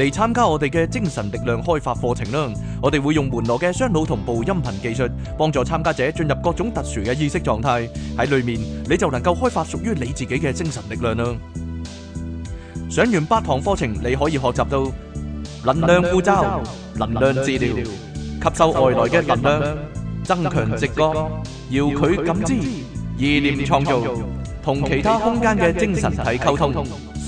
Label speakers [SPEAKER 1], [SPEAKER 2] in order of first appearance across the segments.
[SPEAKER 1] 嚟參加我哋嘅精神力量開發課程啦！我哋會用門羅嘅雙腦同步音頻技術，幫助參加者進入各種特殊嘅意識狀態。喺裡面你就能夠開發屬於你自己嘅精神力量啦！上完八堂課程，你可以學習到能量呼召、能量治療、吸收外來嘅能量、增強直覺、遙距感知、意念創造、同其他空間嘅精神體溝通。.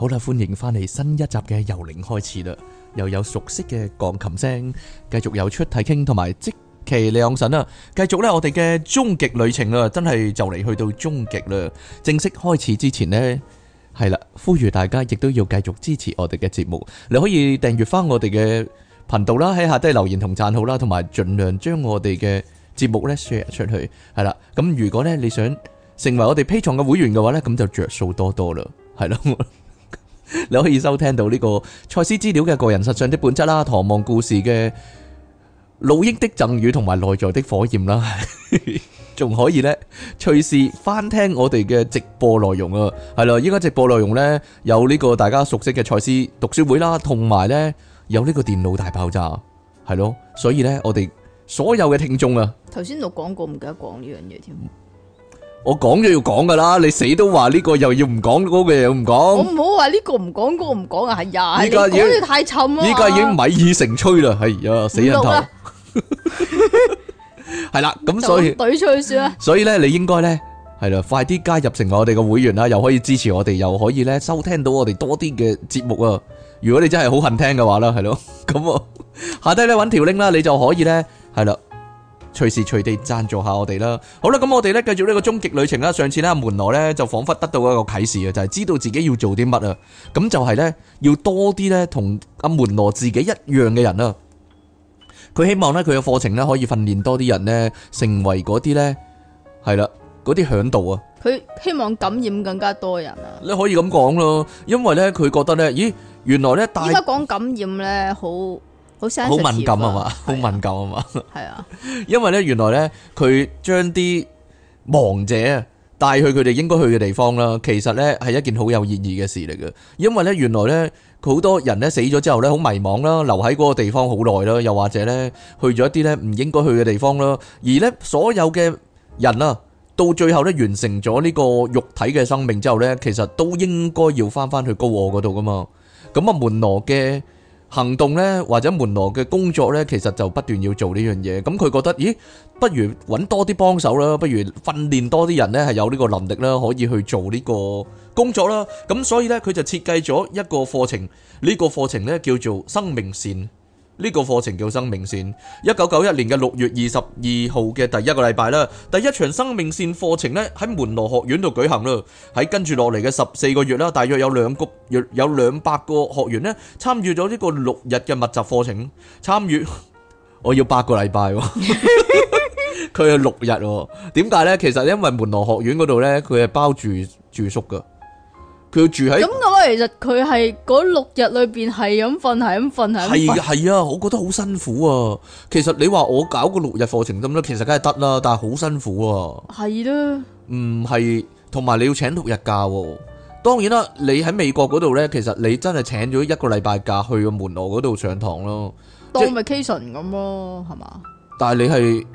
[SPEAKER 1] 好啦，歡迎翻嚟新一集嘅由零開始啦，又有熟悉嘅鋼琴聲，繼續有出題傾同埋即期亮神啦。繼續呢，我哋嘅終極旅程啦，真係就嚟去到終極啦。正式開始之前呢，係啦，呼籲大家亦都要繼續支持我哋嘅節目。你可以訂閱翻我哋嘅頻道啦，喺下低留言同讚好啦，同埋盡量將我哋嘅節目呢 share 出去。係啦，咁如果呢，你想成為我哋 Patreon 嘅會員嘅話呢，咁就着數多多啦。係啦。 你可以收聽到呢個賽斯資料嘅個人實相的本質啦，唐望故事嘅老鷹的贈予同埋內在的火焰啦，仲 可以呢，隨時翻聽我哋嘅直播內容啊，係咯，依家直播內容呢，有呢個大家熟悉嘅賽斯讀書會啦，同埋呢，有呢個電腦大爆炸，係咯，所以呢，我哋所有嘅聽眾啊，
[SPEAKER 2] 頭先錄廣告唔記得講呢樣嘢添。
[SPEAKER 1] 我講咗要講噶啦，你死都話呢個又要唔講，嗰個又唔講。我
[SPEAKER 2] 唔好話呢個唔講嗰個唔講啊，係呀，依家講嘢太慘啦，依家已經
[SPEAKER 1] 米已成吹啦，係呀，死人頭。係啦，咁所以懟吹算啦。所以咧，你應該咧係啦，快啲加入成我哋嘅會員啦，又可以支持我哋，又可以咧收聽到我哋多啲嘅節目啊！如果你真係好恨聽嘅話啦，係咯，咁啊，下低咧揾條 link 啦，你就可以咧，係啦。隨時隨地贊助下我哋啦，好啦，咁我哋咧繼續呢個終極旅程啦。上次咧，阿門羅咧就仿佛得到一個啟示啊，就係、是、知道自己要做啲乜啊。咁就係咧，要多啲咧同阿門羅自己一樣嘅人啊。佢希望咧，佢嘅課程咧可以訓練多啲人呢成為嗰啲咧，係啦，嗰啲嚮導啊。
[SPEAKER 2] 佢希望感染更加多人
[SPEAKER 1] 啊。你可以咁講咯，因為咧佢覺得咧，咦，原來咧，而家
[SPEAKER 2] 講感染咧好。好敏感啊嘛，
[SPEAKER 1] 好敏感啊嘛。係啊，因為呢，原來呢，佢將啲亡者啊帶去佢哋應該去嘅地方啦。其實呢係一件好有意義嘅事嚟嘅，因為呢原來呢，好多人呢死咗之後呢好迷茫啦，留喺嗰個地方好耐啦，又或者呢去咗一啲呢唔應該去嘅地方啦。而呢所有嘅人啊，到最後呢完成咗呢個肉體嘅生命之後呢，其實都應該要翻翻去高我嗰度㗎嘛。咁啊，門羅嘅。行動呢，或者門羅嘅工作呢，其實就不斷要做呢樣嘢。咁佢覺得，咦，不如揾多啲幫手啦，不如訓練多啲人呢，係有呢個能力啦，可以去做呢個工作啦。咁所以呢，佢就設計咗一個課程，呢個課程呢，叫做生命線。呢個課程叫生命線。一九九一年嘅六月二十二號嘅第一個禮拜啦，第一場生命線課程咧喺門羅學院度舉行啦。喺跟住落嚟嘅十四個月啦，大約有兩個月有兩百個學員咧參與咗呢個六日嘅密集課程。參與 我要八個禮拜啊，佢係六日啊。點解呢？其實因為門羅學院嗰度呢，佢係包住住宿㗎。佢要住喺咁
[SPEAKER 2] 嘅，其實佢係嗰六日裏邊係咁瞓，係咁瞓，係咁瞓。係嘅，
[SPEAKER 1] 係啊，我覺得好辛苦啊。其實你話我搞個六日課程咁咧，其實梗係得啦，但係好辛苦啊。
[SPEAKER 2] 係啦的，
[SPEAKER 1] 唔係、嗯，同埋你要請六日假。當然啦，你喺美國嗰度咧，其實你真係請咗一個禮拜假去個門羅嗰度上堂咯，
[SPEAKER 2] 當 vacation 咁咯，係嘛即？
[SPEAKER 1] 吧但係你係。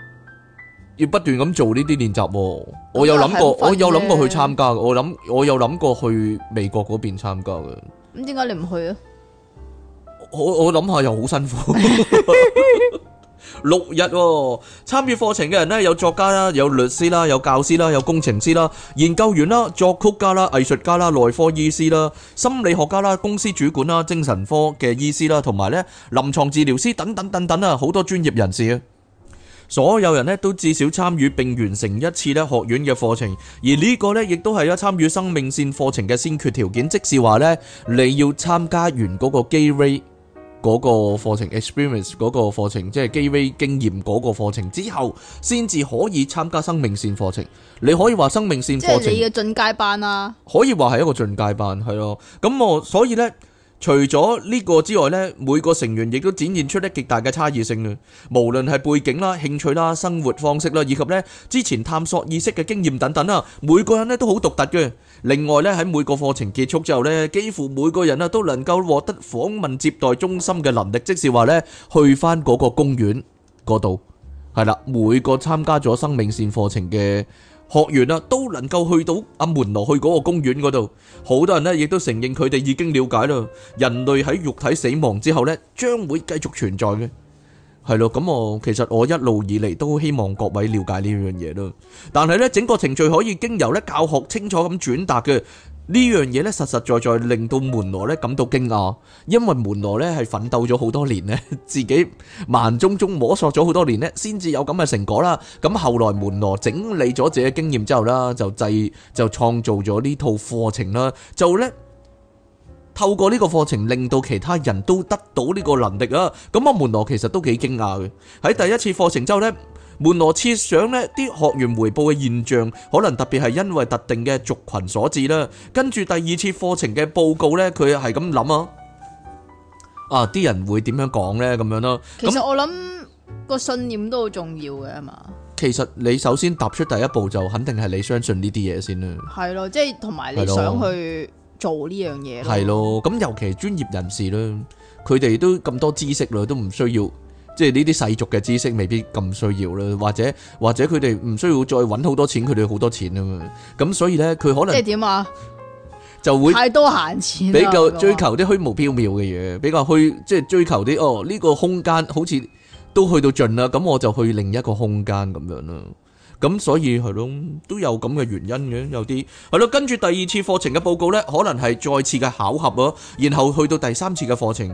[SPEAKER 1] 要不斷咁做呢啲練習，我有諗過，我有諗過去參加嘅，我諗我有諗過去美國嗰邊參加嘅。咁點解你唔去啊？我我諗下又好辛苦，六日參與課程嘅人呢，有作家啦，有律師啦，有教師啦，有工程師啦，研究員啦，作曲家啦，藝術家啦，內科醫師啦，心理學家啦，公司主管啦，精神科嘅醫師啦，同埋呢臨床治療師等等等等啊，好多專業人士啊！所有人呢都至少參與並完成一次咧學院嘅課程，而呢個呢亦都係一參與生命線課程嘅先決條件，即是話呢，你要參加完嗰個 Gateway 嗰個課程 experience 嗰個課程，即係 Gateway 經驗嗰個課程之後，先至可以參加生命線課程。你可以話生命線課程即
[SPEAKER 2] 係你嘅進階班啊，
[SPEAKER 1] 可以話係一個進階班係咯。咁我所以呢。除咗呢個之外咧，每個成員亦都展現出咧極大嘅差異性啊。無論係背景啦、興趣啦、生活方式啦，以及咧之前探索意識嘅經驗等等啊，每個人咧都好獨特嘅。另外咧，喺每個課程結束之後咧，幾乎每個人啊都能夠獲得訪問接待中心嘅能力，即是話咧去返嗰個公園嗰度係啦。每個參加咗生命線課程嘅。學員，都能夠去到阿門羅去嗰個公園嗰度。好多人咧，亦都承認佢哋已經了解啦。人類喺肉體死亡之後咧，將會繼續存在嘅。係咯，咁我其實我一路以嚟都希望各位了解呢樣嘢咯。但係咧，整個程序可以經由咧教學清楚咁轉達嘅。呢樣嘢咧，實實在在令到門羅咧感到驚訝，因為門羅咧係奮鬥咗好多年咧，自己盲中中摸索咗好多年咧，先至有咁嘅成果啦。咁後來門羅整理咗自己嘅經驗之後啦，就制就創造咗呢套課程啦，就呢，透過呢個課程令到其他人都得到呢個能力啊。咁啊，門羅其實都幾驚訝嘅，喺第一次課程之後呢。門羅設想呢，啲學員回報嘅現象，可能特別係因為特定嘅族群所致啦。跟住第二次課程嘅報告呢，佢係咁諗啊，啊啲人會點樣講呢？咁樣咯。其實
[SPEAKER 2] 我諗個信念都好重要嘅，吖嘛。
[SPEAKER 1] 其實你首先踏出第一步，就肯定係你相信呢啲嘢先啦。
[SPEAKER 2] 係咯，即係同埋你想去做呢樣嘢。係咯，
[SPEAKER 1] 咁尤其係專業人士啦，佢哋都咁多知識啦，都唔需要。即係呢啲世俗嘅知識未必咁需要啦，或者或者佢哋唔需要再揾好多錢，佢哋好多錢啊嘛。咁所以咧，佢可能即係點啊？就會太
[SPEAKER 2] 多閒錢，比較追
[SPEAKER 1] 求啲虛無縹緲嘅嘢，比較虛即係追求啲哦。呢個空間好似都去到盡啦，咁我就去另一個空間咁樣啦。咁所以係咯，都有咁嘅原因嘅，有啲係咯。跟住第二次課程嘅報告咧，可能係再次嘅考核咯，然後去到第三次嘅課程。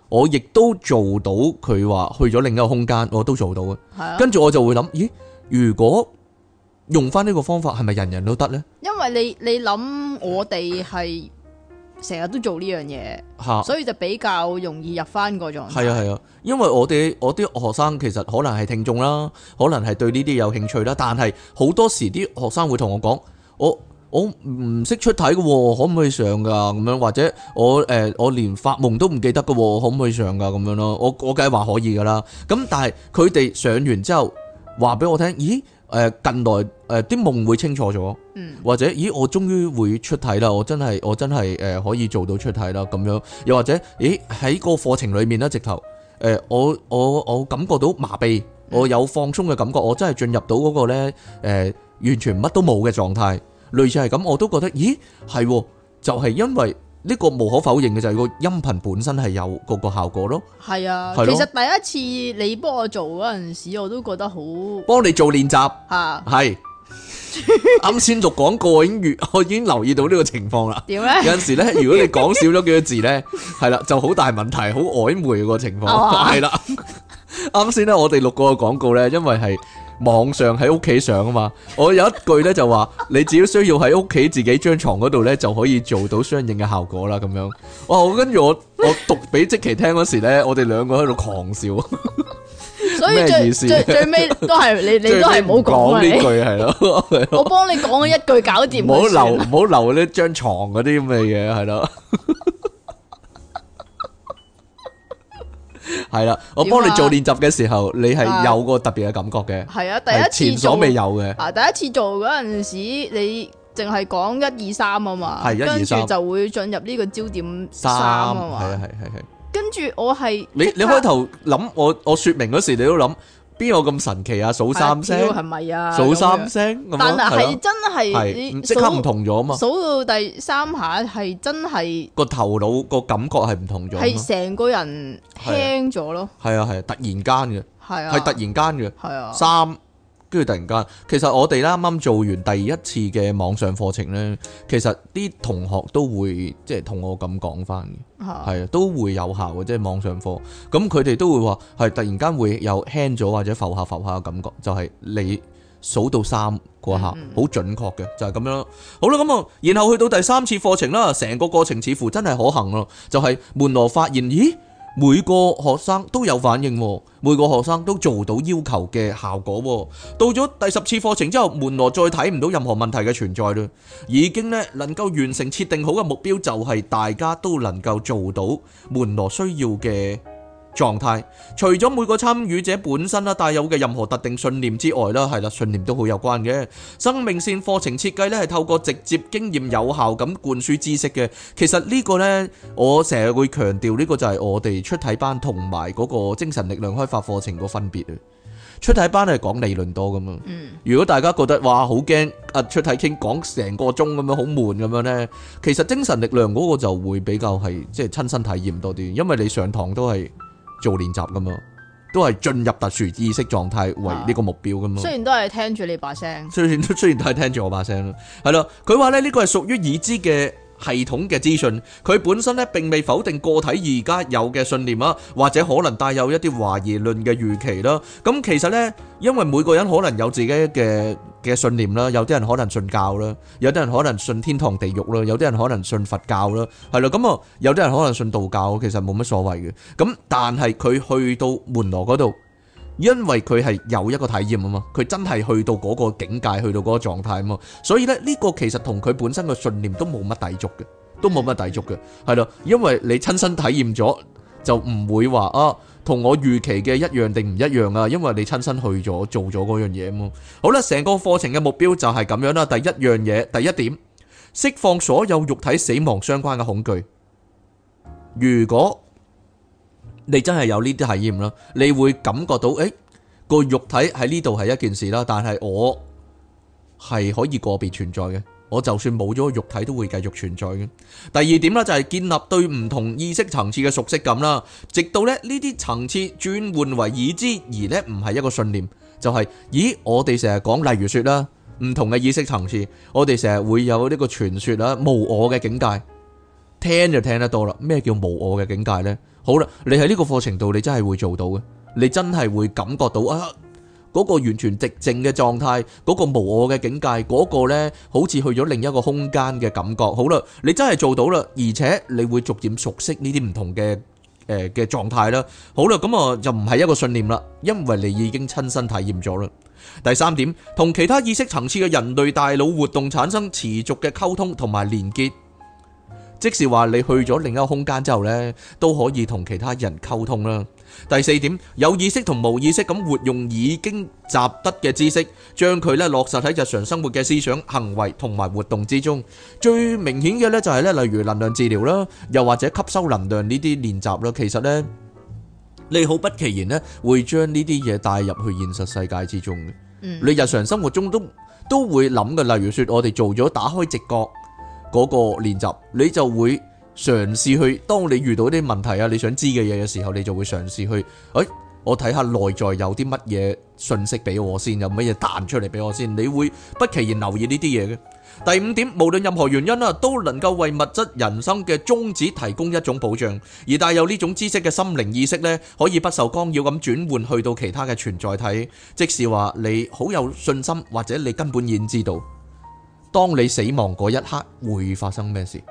[SPEAKER 1] 我亦都做到佢話去咗另一個空間，我都做到嘅。係啊，跟住我就會諗，咦？如果用翻呢個方法，係咪人人都得呢？
[SPEAKER 2] 因為你你諗我哋係成日都做呢樣嘢，係啊，所以就比較容易入翻個狀態。
[SPEAKER 1] 係啊係啊，因為我哋我啲學生其實可能係聽眾啦，可能係對呢啲有興趣啦，但係好多時啲學生會同我講，我。我唔識出體嘅喎，可唔可以上噶？咁樣或者我誒、呃、我連發夢都唔記得嘅喎，可唔可以上噶？咁樣咯，我我梗係話可以嘅啦。咁但係佢哋上完之後話俾我聽，咦誒近來誒啲夢會清楚咗，或者咦我終於會出體啦！我真係我真係誒、呃、可以做到出體啦！咁樣又或者咦喺個課程裡面咧，直頭誒、呃、我我我感覺到麻痹，我有放鬆嘅感覺，我真係進入到嗰、那個咧、呃、完全乜都冇嘅狀態。類似係咁，我都覺得，咦，係，就係因為呢個無可否認嘅就係個音頻本身係有嗰個效果咯。
[SPEAKER 2] 係啊，其實第一次你幫我做嗰陣時，我都覺得好。幫
[SPEAKER 1] 你做練習，吓，係。啱先讀廣告，我已我已留意到呢個情況啦。點咧？有陣時咧，如果你講少咗幾個字咧，係啦，就好大問題，好曖昧個情況，係啦。啱先咧，我哋錄過個廣告咧，因為係。網上喺屋企上啊嘛，我有一句咧就話，你只要需要喺屋企自己張床嗰度咧就可以做到相應嘅效果啦，咁樣。哇、哦，跟住我我讀俾積琪聽嗰時咧，我哋兩個喺度狂笑。
[SPEAKER 2] 所以最 最尾都係你 最後 你都係唔好講呢句！
[SPEAKER 1] 係囉，我
[SPEAKER 2] 幫你講一句，一句搞掂。唔好留
[SPEAKER 1] 唔好 留呢張床嗰啲咁嘅嘢，係咯。係啦，我幫你做練習嘅時候，啊、你係有個特別嘅感覺嘅。係
[SPEAKER 2] 啊，第一次前所未有嘅。啊，第一次做嗰陣、啊、時，你淨係講一二三啊嘛，跟住就會進入呢個焦點三啊嘛。係
[SPEAKER 1] 啊，係係係。啊啊、
[SPEAKER 2] 跟住我係，
[SPEAKER 1] 你你開頭諗我我說明嗰時，你都諗。邊有咁神奇啊？數三聲係咪啊？數三聲，但係係真
[SPEAKER 2] 係，即刻唔同咗啊嘛！數到第三下係真係
[SPEAKER 1] 個頭腦個感覺係唔同咗，係成
[SPEAKER 2] 個人輕咗咯。
[SPEAKER 1] 係啊係啊，突然間嘅，係啊，係突然間嘅，係啊三，跟住突然間，其實我哋啱啱做完第一次嘅網上課程呢，其實啲同學都會即係同我咁講翻嘅。係啊，都會有效嘅，即係網上課。咁佢哋都會話係突然間會有輕咗或者浮下浮下嘅感覺，就係你數到三嗰下好、嗯嗯、準確嘅，就係咁樣。好啦，咁啊，然後去到第三次課程啦，成個過程似乎真係可行咯，就係門羅發現咦？每個學生都有反應，每個學生都做到要求嘅效果。到咗第十次課程之後，門羅再睇唔到任何問題嘅存在啦，已經呢，能夠完成設定好嘅目標，就係大家都能夠做到門羅需要嘅。狀態除咗每個參與者本身啊帶有嘅任何特定信念之外啦，係啦，信念都好有關嘅。生命綫課程設計呢，係透過直接經驗有效咁灌輸知識嘅。其實呢個呢，我成日會強調呢個就係我哋出體班同埋嗰個精神力量開發課程個分別。出體班係講理論多咁樣，嗯、如果大家覺得哇好驚啊，出體傾講成個鐘咁樣好悶咁樣呢，其實精神力量嗰個就會比較係即係親身體驗多啲，因為你上堂都係。做練習噶嘛，都係進入特殊意識狀態為呢個目標噶嘛。雖
[SPEAKER 2] 然都係聽住你把聲，
[SPEAKER 1] 雖然都雖然都係聽住我把聲咯，係咯。佢話咧呢個係屬於已知嘅系統嘅資訊，佢本身咧並未否定個體而家有嘅信念啊，或者可能帶有一啲懷疑論嘅預期啦。咁其實呢，因為每個人可能有自己嘅嘅信念啦，有啲人可能信教啦，有啲人可能信天堂地獄啦，有啲人可能信佛教啦，係咯。咁啊，有啲人可能信道教，其實冇乜所謂嘅。咁但係佢去到門羅嗰度。因為佢係有一個體驗啊嘛，佢真係去到嗰個境界，去到嗰個狀態啊嘛，所以咧呢個其實同佢本身嘅信念都冇乜抵觸嘅，都冇乜抵觸嘅，係咯，因為你親身體驗咗，就唔會話啊同我預期嘅一樣定唔一樣啊，因為你親身去咗做咗嗰樣嘢啊嘛。好啦，成個課程嘅目標就係咁樣啦。第一樣嘢，第一點，釋放所有肉體死亡相關嘅恐懼。如果你真係有呢啲體驗啦，你會感覺到，誒個肉體喺呢度係一件事啦，但係我係可以個別存在嘅，我就算冇咗個肉體都會繼續存在嘅。第二點呢，就係建立對唔同意識層次嘅熟悉感啦，直到呢呢啲層次轉換為已知，而呢唔係一個信念，就係、是，咦，我哋成日講，例如説啦，唔同嘅意識層次，我哋成日會有呢個傳說啦，無我嘅境界。聽就聽得多啦，咩叫無我嘅境界呢？好啦，你喺呢個課程度，你真係會做到嘅，你真係會感覺到啊，嗰個完全寂靜嘅狀態，嗰個無我嘅境界，嗰個呢好似去咗另一個空間嘅感覺。好啦，你真係做到啦，而且你會逐漸熟悉呢啲唔同嘅誒嘅狀態啦。好啦，咁啊就唔係一個信念啦，因為你已經親身體驗咗啦。第三點，同其他意識層次嘅人類大腦活動產生持續嘅溝通同埋連結。即是話你去咗另一個空間之後呢，都可以同其他人溝通啦。第四點，有意識同無意識咁活用已經習得嘅知識，將佢呢落實喺日常生活嘅思想、行為同埋活動之中。最明顯嘅呢就係呢，例如能量治療啦，又或者吸收能量呢啲練習啦，其實呢你好不其然呢會將呢啲嘢帶入去現實世界之中嘅。你日常生活中都都會諗嘅，例如説我哋做咗打開直覺。嗰個練習，你就會嘗試去。當你遇到啲問題啊，你想知嘅嘢嘅時候，你就會嘗試去。哎，我睇下內在有啲乜嘢信息俾我先，有乜嘢彈出嚟俾我先。你會不其然留意呢啲嘢嘅。第五點，無論任何原因啊，都能夠為物質人生嘅終止提供一種保障。而帶有呢種知識嘅心靈意識呢，可以不受干擾咁轉換去到其他嘅存在體。即是話你好有信心，或者你根本已經知道。當你死亡嗰一刻會發生咩事？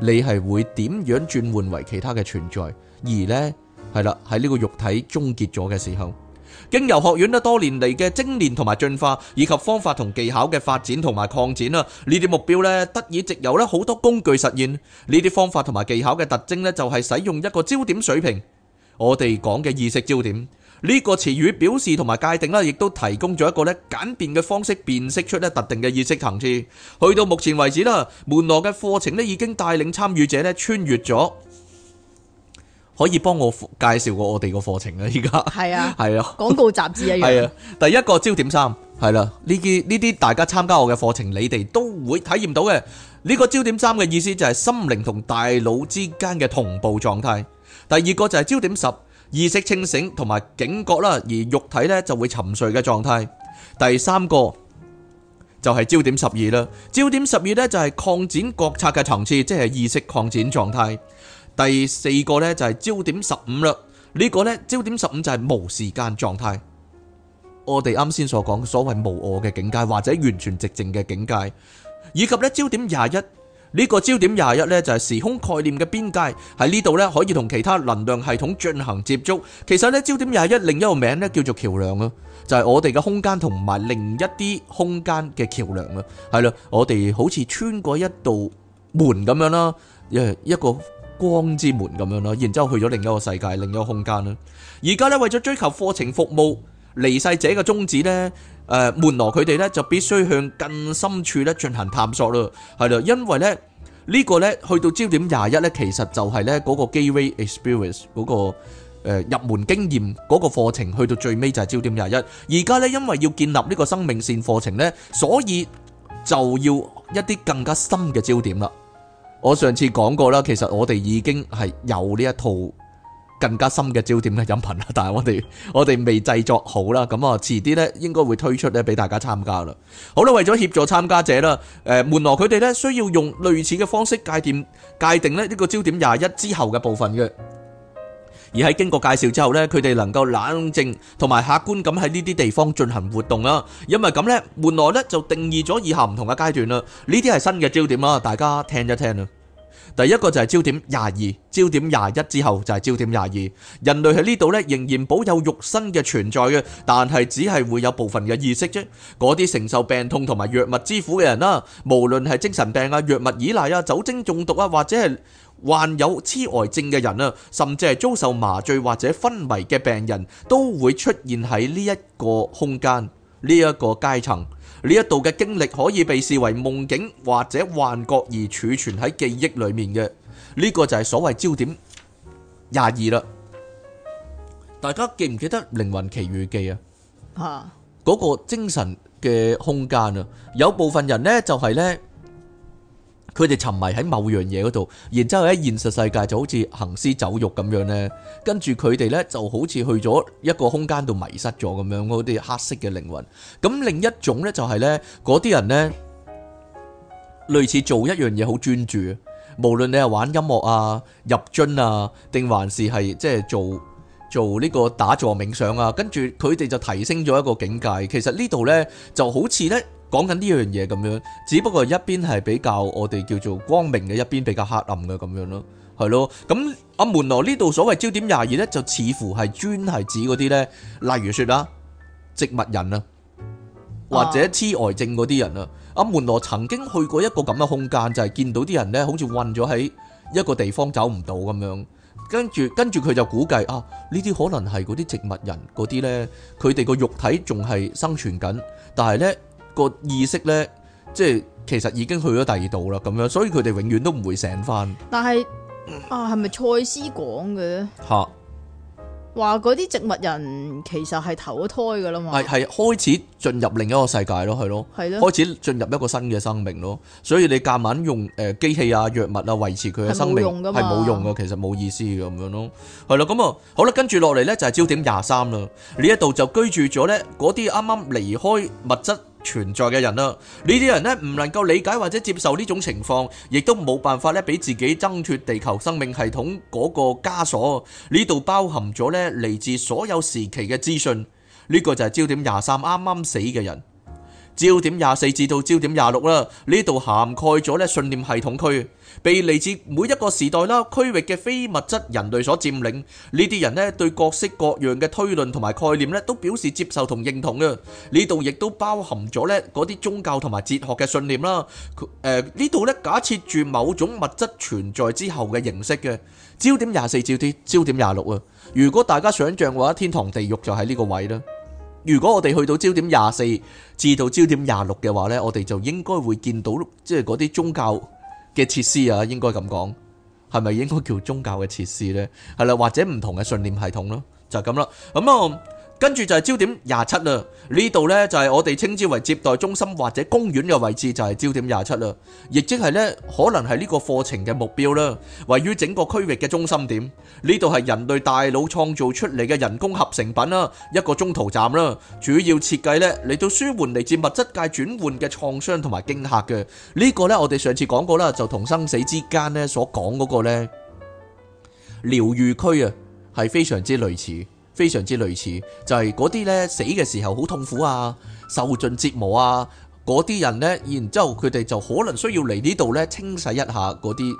[SPEAKER 1] 你係會點樣轉換為其他嘅存在？而呢係啦，喺呢個肉體終結咗嘅時候，經由學院呢多年嚟嘅精練同埋進化，以及方法同技巧嘅發展同埋擴展啦，呢啲目標呢得以藉由呢好多工具實現。呢啲方法同埋技巧嘅特徵呢，就係使用一個焦點水平，我哋講嘅意識焦點。呢個詞語表示同埋界定啦，亦都提供咗一個咧簡便嘅方式辨識出咧特定嘅意識層次。去到目前為止啦，門羅嘅課程咧已經帶領參與者咧穿越咗，可以幫我介紹過我哋個課程啊？而家係啊，係啊，
[SPEAKER 2] 廣告雜誌一樣。係啊，
[SPEAKER 1] 第一個焦點三係啦，呢啲呢啲大家參加我嘅課程，你哋都會體驗到嘅。呢個焦點三嘅意思就係心靈同大腦之間嘅同步狀態。第二個就係焦點十。意識清醒同埋警覺啦，而肉體咧就會沉睡嘅狀態。第三個就係焦點十二啦，焦點十二呢，就係擴展覺察嘅層次，即係意識擴展狀態。第四個呢，就係焦點十五啦，呢、這個呢，焦點十五就係無時間狀態。我哋啱先所講所謂無我嘅境界，或者完全寂靜嘅境界，以及呢焦點廿一。呢個焦點廿一呢，就係時空概念嘅邊界，喺呢度呢，可以同其他能量系統進行接觸。其實呢焦點廿一另一個名呢，叫做橋樑咯，就係我哋嘅空間同埋另一啲空間嘅橋樑咯。係啦，我哋好似穿過一道門咁樣啦，誒一個光之門咁樣啦，然之後去咗另一個世界、另一個空間啦。而家呢為咗追求課程服務，離世者嘅宗旨呢。誒門羅佢哋咧就必須向更深處咧進行探索咯，係咯，因為咧呢個咧去到焦點廿一咧，其實就係咧嗰個 Gateway Experience 嗰個誒入門經驗嗰個課程，去到最尾就係焦點廿一。而家咧因為要建立呢個生命線課程咧，所以就要一啲更加深嘅焦點啦。我上次講過啦，其實我哋已經係有呢一套。更加深嘅焦點嘅飲品啦，但係我哋我哋未製作好啦，咁啊遲啲咧應該會推出咧俾大家參加啦。好啦，為咗協助參加者啦，誒門羅佢哋咧需要用類似嘅方式界定界定咧呢個焦點廿一之後嘅部分嘅，而喺經過介紹之後咧，佢哋能夠冷靜同埋客觀咁喺呢啲地方進行活動啦。因為咁咧，門羅咧就定義咗以下唔同嘅階段啦。呢啲係新嘅焦點啊，大家聽一聽啦。第一個就係焦點廿二，焦點廿一之後就係焦點廿二。人類喺呢度咧仍然保有肉身嘅存在嘅，但係只係會有部分嘅意識啫。嗰啲承受病痛同埋藥物之苦嘅人啦，無論係精神病啊、藥物依賴啊、酒精中毒啊，或者係患有痴呆症嘅人啊，甚至係遭受麻醉或者昏迷嘅病人，都會出現喺呢一個空間，呢一個階層。呢一度嘅經歷可以被視為夢境或者幻覺而儲存喺記憶裡面嘅，呢個就係所謂焦點廿二啦。大家記唔記得《靈魂奇遇記》啊？嚇！嗰個精神嘅空間啊，有部分人呢就係呢。佢哋沉迷喺某樣嘢嗰度，然之後喺現實世界就好似行屍走肉咁樣呢。跟住佢哋呢就好似去咗一個空間度迷失咗咁樣，嗰啲黑色嘅靈魂。咁另一種呢就係呢，嗰啲人呢類似做一樣嘢好專注，無論你係玩音樂啊、入樽啊，定還是係即係做做呢個打坐冥想啊。跟住佢哋就提升咗一個境界。其實呢度呢就好似呢。講緊呢樣嘢，咁樣，只不過一邊係比較我哋叫做光明嘅一邊，比較黑暗嘅咁樣咯，係咯。咁、啊、阿門羅呢度所謂焦點廿二呢，就似乎係專係指嗰啲呢，例如說啦，植物人啊，或者痴呆症嗰啲人啊。阿、啊、門羅曾經去過一個咁嘅空間，就係、是、見到啲人呢，好似困咗喺一個地方走唔到咁樣，跟住跟住佢就估計啊，呢啲可能係嗰啲植物人嗰啲呢，佢哋個肉體仲係生存緊，但係呢。個意識咧，即係其實已經去咗第二度啦，咁樣，所以佢哋永遠都唔會醒返。
[SPEAKER 2] 但係啊，係咪賽斯講嘅吓？話嗰啲植物人其實係投咗胎噶啦嘛，係係
[SPEAKER 1] 開始進入另一個世界咯，係咯，係咯的，開始進入一個新嘅生命咯。所以你夾硬用誒機、呃、器啊、藥物啊維持佢嘅生命係冇用噶，其實冇意思咁樣咯。係啦，咁啊好啦，跟住落嚟咧就係焦點廿三啦。呢一度就居住咗咧嗰啲啱啱離開物質存在嘅人啦，呢啲人呢，唔能夠理解或者接受呢種情況，亦都冇辦法咧俾自己掙脫地球生命系統嗰個枷鎖。呢度包含咗呢嚟自所有時期嘅資訊，呢個就係焦點廿三啱啱死嘅人。焦點廿四至到焦點廿六啦，呢度涵蓋咗咧信念系統區，被嚟自每一個時代啦區域嘅非物質人類所佔領。呢啲人咧對各式各樣嘅推論同埋概念咧都表示接受同認同嘅。呢度亦都包含咗咧嗰啲宗教同埋哲學嘅信念啦。誒、呃，呢度咧假設住某種物質存在之後嘅形式嘅。焦點廿四至到焦點廿六啊！如果大家想象嘅話，天堂地獄就喺呢個位啦。如果我哋去到焦點廿四至到焦點廿六嘅話呢，我哋就應該會見到即係嗰啲宗教嘅設施啊，應該咁講，係咪應該叫宗教嘅設施呢？係啦，或者唔同嘅信念系統咯，就咁啦。咁啊。跟住就係焦點廿七啦，呢度呢，就係我哋稱之為接待中心或者公園嘅位置，就係、是、焦點廿七啦，亦即係呢，可能係呢個課程嘅目標啦，位於整個區域嘅中心點。呢度係人類大腦創造出嚟嘅人工合成品啦，一個中途站啦，主要設計呢，嚟到舒緩嚟自物質界轉換嘅創傷同埋驚嚇嘅。呢、這個呢，我哋上次講過啦，就同生死之間呢所講嗰、那個呢療愈區啊，係非常之類似。非常之類似，就係嗰啲呢，死嘅時候好痛苦啊，受盡折磨啊，嗰啲人呢，然之後佢哋就可能需要嚟呢度呢清洗一下嗰啲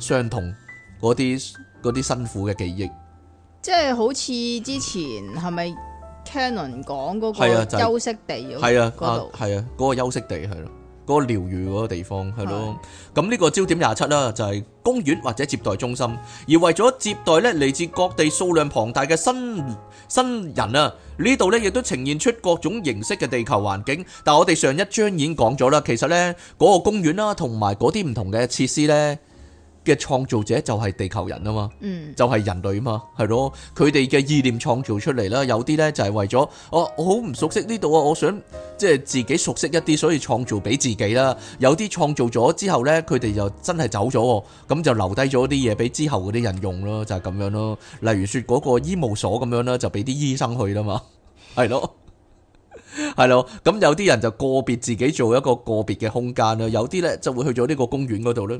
[SPEAKER 1] 傷痛、嗰啲啲辛苦嘅記憶，
[SPEAKER 2] 即係好似之前係咪 Cannon 講嗰個休息地啊？係、就係、裡啊，嗰度
[SPEAKER 1] 係啊，嗰、啊嗰個休息地係咯。嗰個療愈嗰個地方係咯，咁呢、嗯、個焦點廿七啦，就係公園或者接待中心，而為咗接待呢嚟自各地數量龐大嘅新新人啊，呢度呢亦都呈現出各種形式嘅地球環境。但我哋上一章已經講咗啦，其實呢嗰、嗰個公園啦，同埋嗰啲唔同嘅設施呢。嘅創造者就係地球人啊嘛，就係、是、人類啊嘛，係咯，佢哋嘅意念創造出嚟啦，有啲呢就係為咗、哦、我我好唔熟悉呢度啊，我想即係自己熟悉一啲，所以創造俾自己啦。有啲創造咗之後呢，佢哋就真係走咗，咁就留低咗啲嘢俾之後嗰啲人用咯，就係、是、咁樣咯。例如説嗰個醫務所咁樣啦，就俾啲醫生去啦嘛，係咯，係 咯。咁有啲人就個別自己做一個個別嘅空間啦，有啲呢就會去咗呢個公園嗰度啦。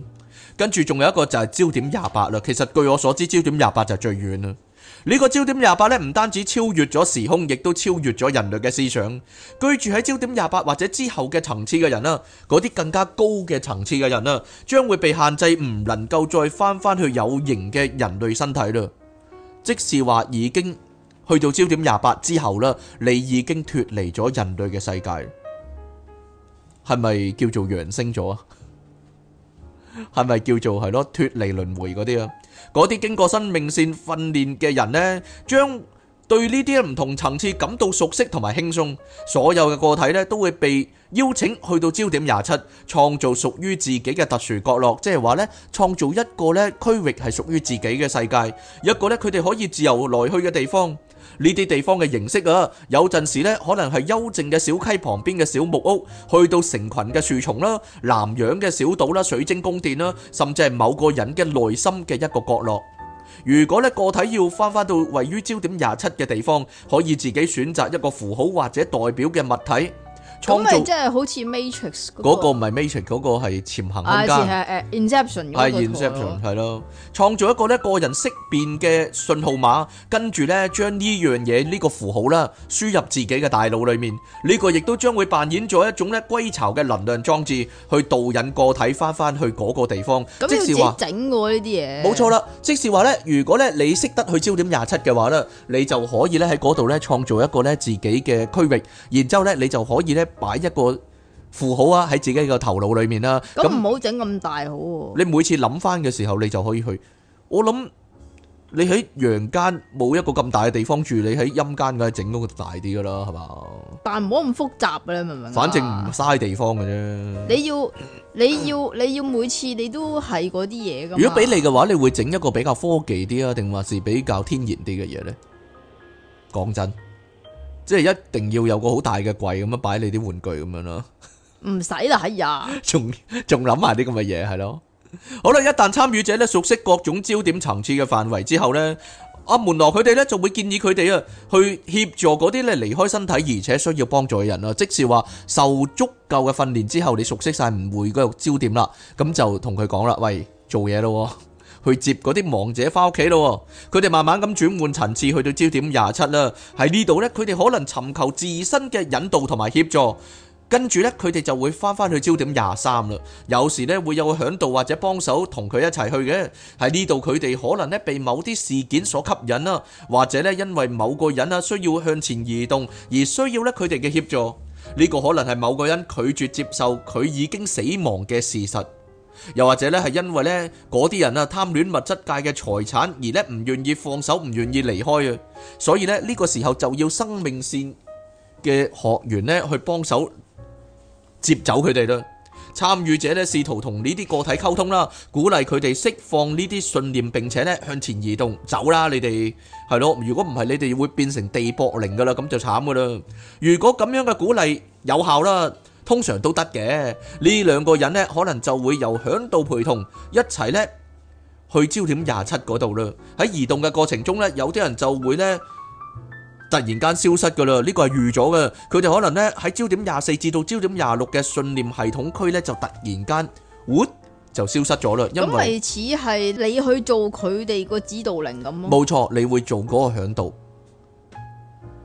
[SPEAKER 1] 跟住仲有一個就係焦點廿八啦，其實據我所知焦點廿八就最遠啦。呢個焦點廿八咧，唔單止超越咗時空，亦都超越咗人類嘅思想。居住喺焦點廿八或者之後嘅層次嘅人啦，嗰啲更加高嘅層次嘅人啦，將會被限制唔能夠再返返去有形嘅人類身體啦。即是話已經去到焦點廿八之後啦，你已經脫離咗人類嘅世界，係咪叫做揚升咗啊？係咪叫做係咯？脫離輪迴嗰啲啊，嗰啲經過生命線訓練嘅人呢，將對呢啲唔同層次感到熟悉同埋輕鬆。所有嘅個體呢，都會被邀請去到焦點廿七，創造屬於自己嘅特殊角落，即係話呢，創造一個呢區域係屬於自己嘅世界，一個呢，佢哋可以自由來去嘅地方。呢啲地方嘅形式啊，有陣時呢，可能係幽靜嘅小溪旁邊嘅小木屋，去到成群嘅樹叢啦、南洋嘅小島啦、水晶宮殿啦，甚至係某個人嘅內心嘅一個角落。如果呢個體要翻翻到位於焦點廿七嘅地方，可以自己選擇一個符號或者代表嘅物體。咁咪即係
[SPEAKER 2] 好似 Matrix 嗰個？
[SPEAKER 1] 唔係 Matrix，嗰個係潛行空間，
[SPEAKER 2] 係係 Inception 嗰 Inception
[SPEAKER 1] 係咯，創、啊、造一個咧個人識別嘅信號碼，跟住咧將呢樣嘢呢個符號啦輸入自己嘅大腦裏面。呢、呢個亦都將會扮演咗一種咧歸巢嘅能量裝置，去導引個體翻翻去嗰個地方。咁即係話整
[SPEAKER 2] 過呢啲嘢。冇錯啦，
[SPEAKER 1] 即係話咧，如果咧你識得去焦點廿七嘅話咧，你就可以咧喺嗰度咧創造一個咧自己嘅區域，然之後咧你就可以咧。擺一個符號啊，喺自己個頭腦裏面啦。咁唔
[SPEAKER 2] 好整咁大好。你
[SPEAKER 1] 每次諗翻嘅時候，你就可以去。我諗你喺陽間冇一個咁大嘅地方住，你喺陰間梗係整嗰個大啲噶啦，係嘛？
[SPEAKER 2] 但唔好咁複雜啦，你明唔明啊？反正唔
[SPEAKER 1] 嘥地方嘅啫。你
[SPEAKER 2] 要你要你要每次你都係嗰啲嘢噶。如果俾你嘅
[SPEAKER 1] 話，你會整一個比較科技啲啊，定還是比較天然啲嘅嘢咧？講真。即係一定要有個好大嘅櫃，咁樣擺你啲玩具咁樣咯。
[SPEAKER 2] 唔使啦，哎呀，
[SPEAKER 1] 仲仲諗埋啲咁嘅嘢係咯。好啦，一旦參與者咧熟悉各種焦點層次嘅範圍之後呢，阿門羅佢哋呢就會建議佢哋啊去協助嗰啲咧離開身體而且需要幫助嘅人啊，即是話受足夠嘅訓練之後，你熟悉曬唔會嗰個焦點啦，咁就同佢講啦，喂，做嘢咯。去接嗰啲亡者翻屋企咯，佢哋慢慢咁轉換層次去到焦點廿七啦。喺呢度呢，佢哋可能尋求自身嘅引導同埋協助，跟住呢，佢哋就會翻翻去焦點廿三啦。有時呢，會有個響導或者幫手同佢一齊去嘅。喺呢度佢哋可能呢，被某啲事件所吸引啦，或者呢，因為某個人啊需要向前移動而需要呢，佢哋嘅協助。呢、呢個可能係某個人拒絕接受佢已經死亡嘅事實。又或者咧，係因為咧嗰啲人啊貪戀物質界嘅財產，而咧唔願意放手，唔願意離開啊！所以咧呢個時候就要生命線嘅學員咧去幫手接走佢哋啦。參與者咧試圖同呢啲個體溝通啦，鼓勵佢哋釋放呢啲信念，並且咧向前移動，走啦，你哋，係咯！如果唔係，你哋會變成地薄靈噶啦，咁就慘噶啦！如果咁樣嘅鼓勵有效啦。通常都得嘅，呢兩個人咧可能就會由響度陪同一齊咧去焦點廿七嗰度啦。喺移動嘅過程中咧，有啲人就會咧突然間消失噶啦。呢個係預咗嘅，佢哋可能咧喺焦點廿四至到焦點廿六嘅信念系統區咧就突然間，嘩就消失咗啦。咁類
[SPEAKER 2] 似係你去做佢哋個指導靈咁咯。冇
[SPEAKER 1] 錯，你會做嗰個響度。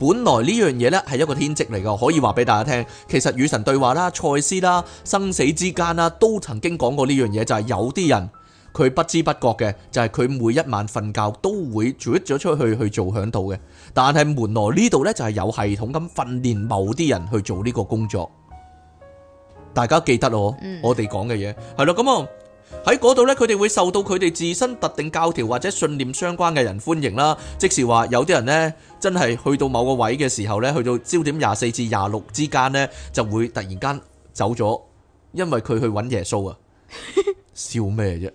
[SPEAKER 1] 本來呢樣嘢呢係一個天職嚟噶，可以話俾大家聽。其實與神對話啦、賽斯啦、生死之間啦，都曾經講過呢樣嘢，就係、是、有啲人佢不知不覺嘅，就係、是、佢每一晚瞓覺都會 c h 咗出去去做響度嘅。但係門羅呢度呢，就係有系統咁訓練某啲人去做呢個工作。大家記得咯，嗯、我哋講嘅嘢係咯咁啊。喺嗰度呢，佢哋會受到佢哋自身特定教條或者信念相關嘅人歡迎啦。即是話有啲人呢真係去到某個位嘅時候呢，去到焦點廿四至廿六之間呢，就會突然間走咗，因為佢去揾耶穌啊！笑咩啫？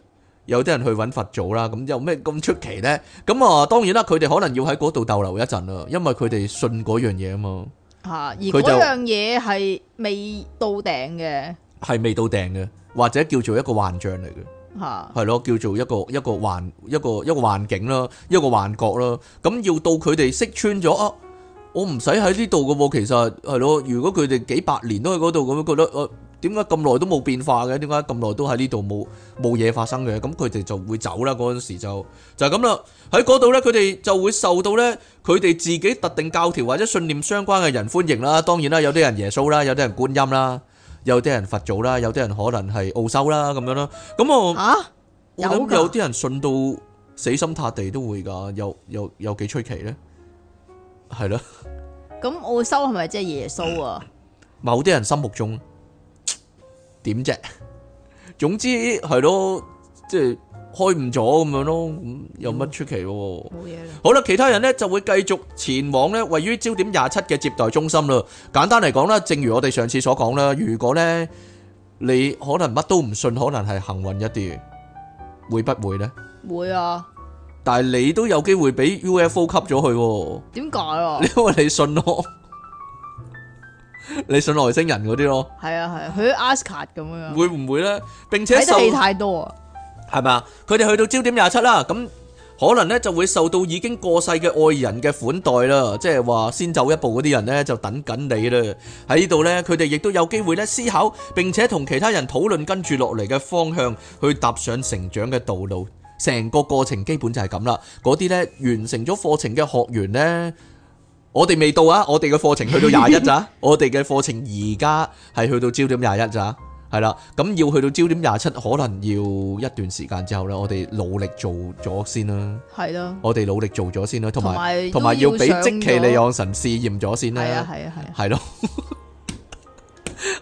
[SPEAKER 1] 有啲人去揾佛祖啦，咁有咩咁出奇呢？咁啊，當然啦，佢哋可能要喺嗰度逗留一陣啊，因為佢哋信嗰樣嘢啊嘛。
[SPEAKER 2] 啊，而嗰樣嘢係未到頂嘅，
[SPEAKER 1] 係就未到頂嘅。或者叫做一個幻象嚟嘅，係咯、啊，叫做一個一個幻一個一個幻境啦，一個幻覺啦。咁要到佢哋識穿咗啊，我唔使喺呢度嘅噃。其實係咯，如果佢哋幾百年都喺嗰度，咁樣覺得我點解咁耐都冇變化嘅？點解咁耐都喺呢度冇冇嘢發生嘅？咁佢哋就會走啦。嗰陣時就就係咁啦。喺嗰度呢，佢哋就會受到呢，佢哋自己特定教條或者信念相關嘅人歡迎啦。當然啦，有啲人耶穌啦，有啲人觀音啦。有啲人佛祖啦，有啲人可能係奧修啦咁樣啦，咁我咁、啊、有啲人信到死心塌地都會噶，有有有幾出奇咧，係咯。
[SPEAKER 2] 咁奧修係咪即係耶穌啊？
[SPEAKER 1] 某啲人心目中點啫？總之係咯，即係。開唔咗咁樣咯，咁有乜出奇喎？冇嘢啦。好啦，其他人咧就會繼續前往咧位於焦點廿七嘅接待中心啦。簡單嚟講咧，正如我哋上次所講啦，如果咧你可能乜都唔信，可能係幸運一啲，會不會咧？會啊！但係你都有機會俾 UFO 吸咗佢，
[SPEAKER 2] 點解啊？因為
[SPEAKER 1] 你信咯，你信外星人嗰啲咯。
[SPEAKER 2] 係啊係啊，去奧斯卡咁樣。
[SPEAKER 1] 會唔會咧？並且受戲太多啊！係嘛？佢哋去到焦點廿七啦，咁可能咧就會受到已經過世嘅愛人嘅款待啦，即係話先走一步嗰啲人咧就等緊你啦。喺呢度咧，佢哋亦都有機會咧思考，並且同其他人討論跟住落嚟嘅方向去踏上成長嘅道路。成個過程基本就係咁啦。嗰啲咧完成咗課程嘅學員咧，我哋未到啊！我哋嘅課程去到廿一咋？我哋嘅課程而家係去到焦點廿一咋？係啦，咁要去到焦點廿七，可能要一段時間之後咧，我哋努力做咗先啦。係咯的，我哋努力做咗先啦，同埋同埋要俾即期嚟養神試驗咗先啦。係啊係啊係，係咯，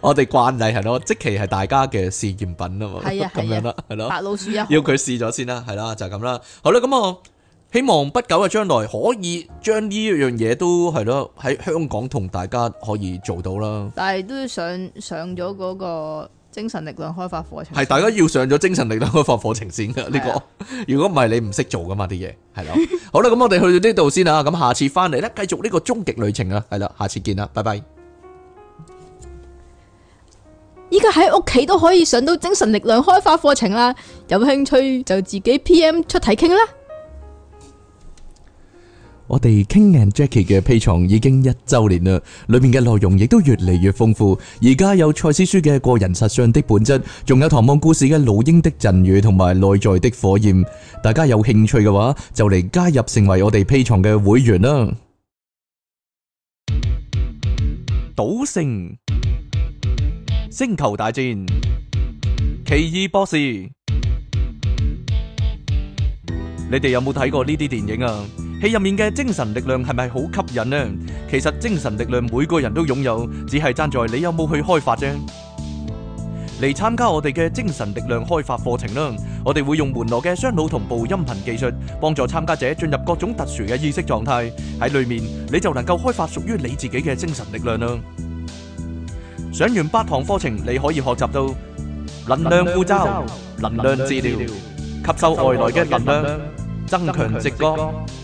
[SPEAKER 1] 我哋慣例係咯，即期係大家嘅試驗品啊嘛。係啊的，咁 樣啦，係咯的，的白老鼠啊，要佢試咗先啦。係啦，就係咁啦。好啦，咁我。希望不久嘅將來可以將呢一樣嘢都係咯喺香港同大家可以做到啦。
[SPEAKER 2] 但係都上上咗嗰個精神力量開發課程，係大
[SPEAKER 1] 家要上咗精神力量開發課程先㗎呢個。如果唔係，你唔識做噶嘛啲嘢，係咯。好啦，咁我哋去到呢度先啦。咁下次翻嚟咧，繼續呢個終極旅程啊。係啦，下次見啦，拜拜。
[SPEAKER 2] 依家喺屋企都可以上到精神力量開發課程啦。有興趣就自己 PM 出題傾啦。
[SPEAKER 1] 我哋 King and Jackie 嘅 Patreon 已經一周年啦，裏面嘅內容亦都越嚟越豐富。而家有賽斯書嘅個人實相的本質，仲有《唐望故事》嘅老鷹的贈語同埋內在的火焰。大家有興趣嘅話，就嚟加入成為我哋 Patreon 嘅會員啦！賭聖、星球大戰、奇異博士，你哋有冇睇過呢啲電影啊？喺入面嘅精神力量，係咪好吸引呢？其實精神力量每個人都擁有，只係站在你有冇去開發啫。嚟參加我哋嘅精神力量開發課程啦，我哋會用門羅嘅雙腦同步音頻技術，幫助參加者進入各種特殊嘅意識狀態。喺裏面你就能夠開發屬於你自己嘅精神力量啦。上完八堂課程，你可以學習到能量護罩、能量治療、吸收外來嘅能量、增強直覺。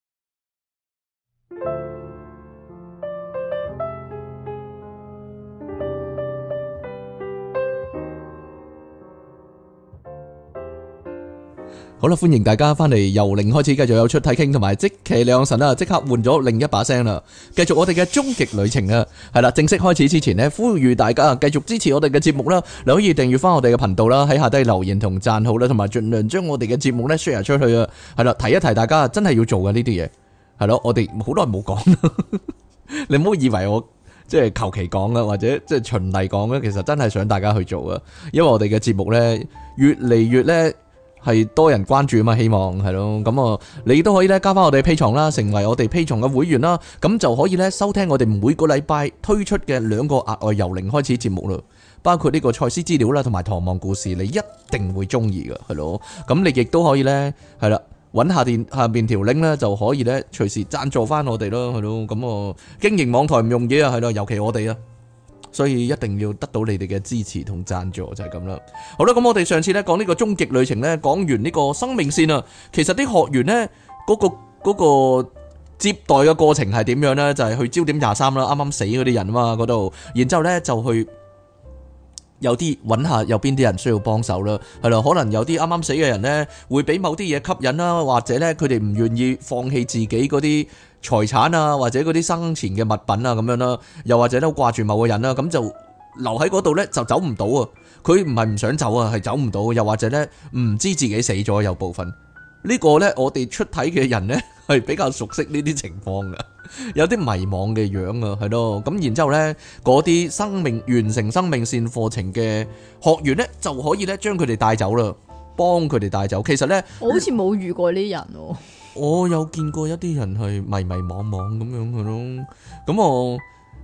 [SPEAKER 1] 好啦，歡迎大家翻嚟由零開始，繼續有出睇傾，同埋即期兩神啊，即刻換咗另一把聲啦，繼續我哋嘅終極旅程啊！係啦，正式開始之前呢，呼籲大家啊，繼續支持我哋嘅節目啦，你可以訂閱翻我哋嘅頻道啦，喺下低留言同讚好啦，同埋盡量將我哋嘅節目咧 share 出去啊！係啦，提一提大家，真係要做嘅呢啲嘢，係咯，我哋好耐冇講啦， 你唔好以為我即係求其講啊，或者即係循例講咧，其實真係想大家去做啊，因為我哋嘅節目咧越嚟越咧。係多人關注啊嘛，希望係咯，咁啊，你都可以咧加翻我哋 Patreon 啦，成為我哋 Patreon 嘅會員啦，咁就可以咧收聽我哋每個禮拜推出嘅兩個額外由零開始節目啦，包括呢個賽斯資料啦，同埋唐望故事，你一定會中意噶。係咯，咁你亦都可以咧，係啦，揾下電下面條 link 咧就可以咧隨時贊助翻我哋咯，係咯，咁啊經營網台唔容易啊，係咯，尤其我哋啊。所以一定要得到你哋嘅支持同贊助就係咁啦。好啦，咁我哋上次咧講呢個終極旅程咧，講完呢個生命線啊。其實啲學員呢、嗰個，嗰、嗰個嗰個接待嘅過程係點樣呢？就係、係、去焦點廿三啦，啱啱死嗰啲人啊嘛嗰度，然之後呢，就去有啲揾下有邊啲人需要幫手啦。係啦，可能有啲啱啱死嘅人呢，會俾某啲嘢吸引啦，或者呢，佢哋唔願意放棄自己嗰啲。財產啊，或者嗰啲生前嘅物品啊，咁樣啦，又或者都掛住某個人啦，咁就留喺嗰度呢，就走唔到啊！佢唔係唔想走啊，係走唔到，又或者呢，唔知自己死咗，有部分呢、呢個呢，我哋出體嘅人呢，係比較熟悉呢啲情況嘅，有啲迷茫嘅樣啊，係咯，咁然之後呢，嗰啲生命完成生命線課程嘅學員呢，就可以呢將佢哋帶走啦，幫佢哋帶走。其實呢，
[SPEAKER 2] 我好似冇遇過呢啲人。
[SPEAKER 1] 我有見過一啲人係迷迷惘惘咁樣嘅咯，咁、嗯嗯這個、我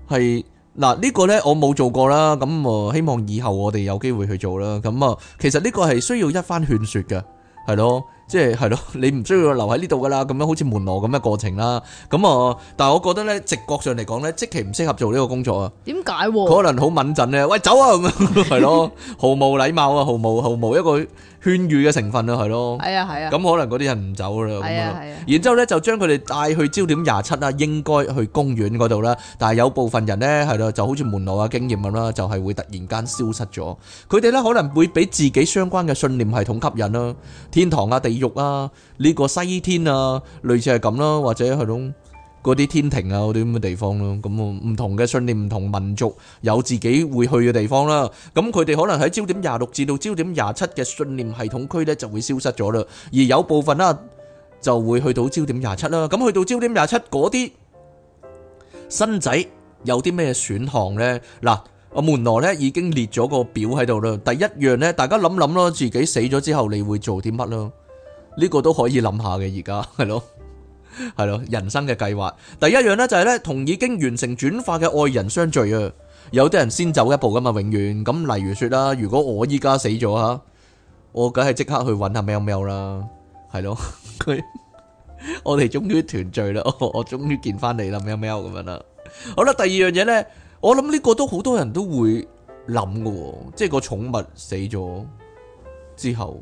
[SPEAKER 1] 係嗱呢個呢，我冇做過啦，咁、嗯、我希望以後我哋有機會去做啦，咁、嗯、啊、嗯、其實呢個係需要一番勸説嘅，係咯。即係係咯，你唔需要留喺呢度噶啦，咁樣好似門羅咁嘅過程啦。咁啊，但係我覺得咧，直覺上嚟講咧，即其唔適合做呢個工作
[SPEAKER 2] 啊。點解喎？可能
[SPEAKER 1] 好敏陣咧，喂走啊咁樣，係咯，毫無禮貌啊，毫無毫無一個勸喻嘅成分啊，係咯。係啊係啊。咁可能嗰啲人唔走啦，係啊係啊。然之後咧就將佢哋帶去焦點廿七啦，應該去公園嗰度啦。但係有部分人咧係咯，就好似門羅嘅經驗咁啦，就係會突然間消失咗。佢哋咧可能會俾自己相關嘅信念系統吸引咯，天堂啊地玉啊，呢個西天啊，類似係咁啦，或者係種嗰啲天庭啊，嗰啲咁嘅地方咯。咁啊，唔同嘅信念，唔同民族有自己會去嘅地方啦。咁佢哋可能喺焦點廿六至到焦點廿七嘅信念系統區咧，就會消失咗啦。而有部分啦，就會去到焦點廿七啦。咁去到焦點廿七嗰啲新仔有啲咩選項咧？嗱，阿門羅呢已經列咗個表喺度啦。第一樣咧，大家諗諗咯，自己死咗之後你會做啲乜咯？呢個都可以諗下嘅。而家係咯，係咯，人生嘅計劃第一樣呢，就係呢，同已經完成轉化嘅愛人相聚啊！有啲人先走一步噶嘛，永遠咁，例如說啦，如果我依家死咗吓，我梗係即刻去搵下喵喵喵啦，係咯， 我哋終於團聚啦，我我終於見翻你啦，喵喵咁樣啦。好啦，第二樣嘢呢，我諗呢個都好多人都會諗噶，即係個寵物死咗之後。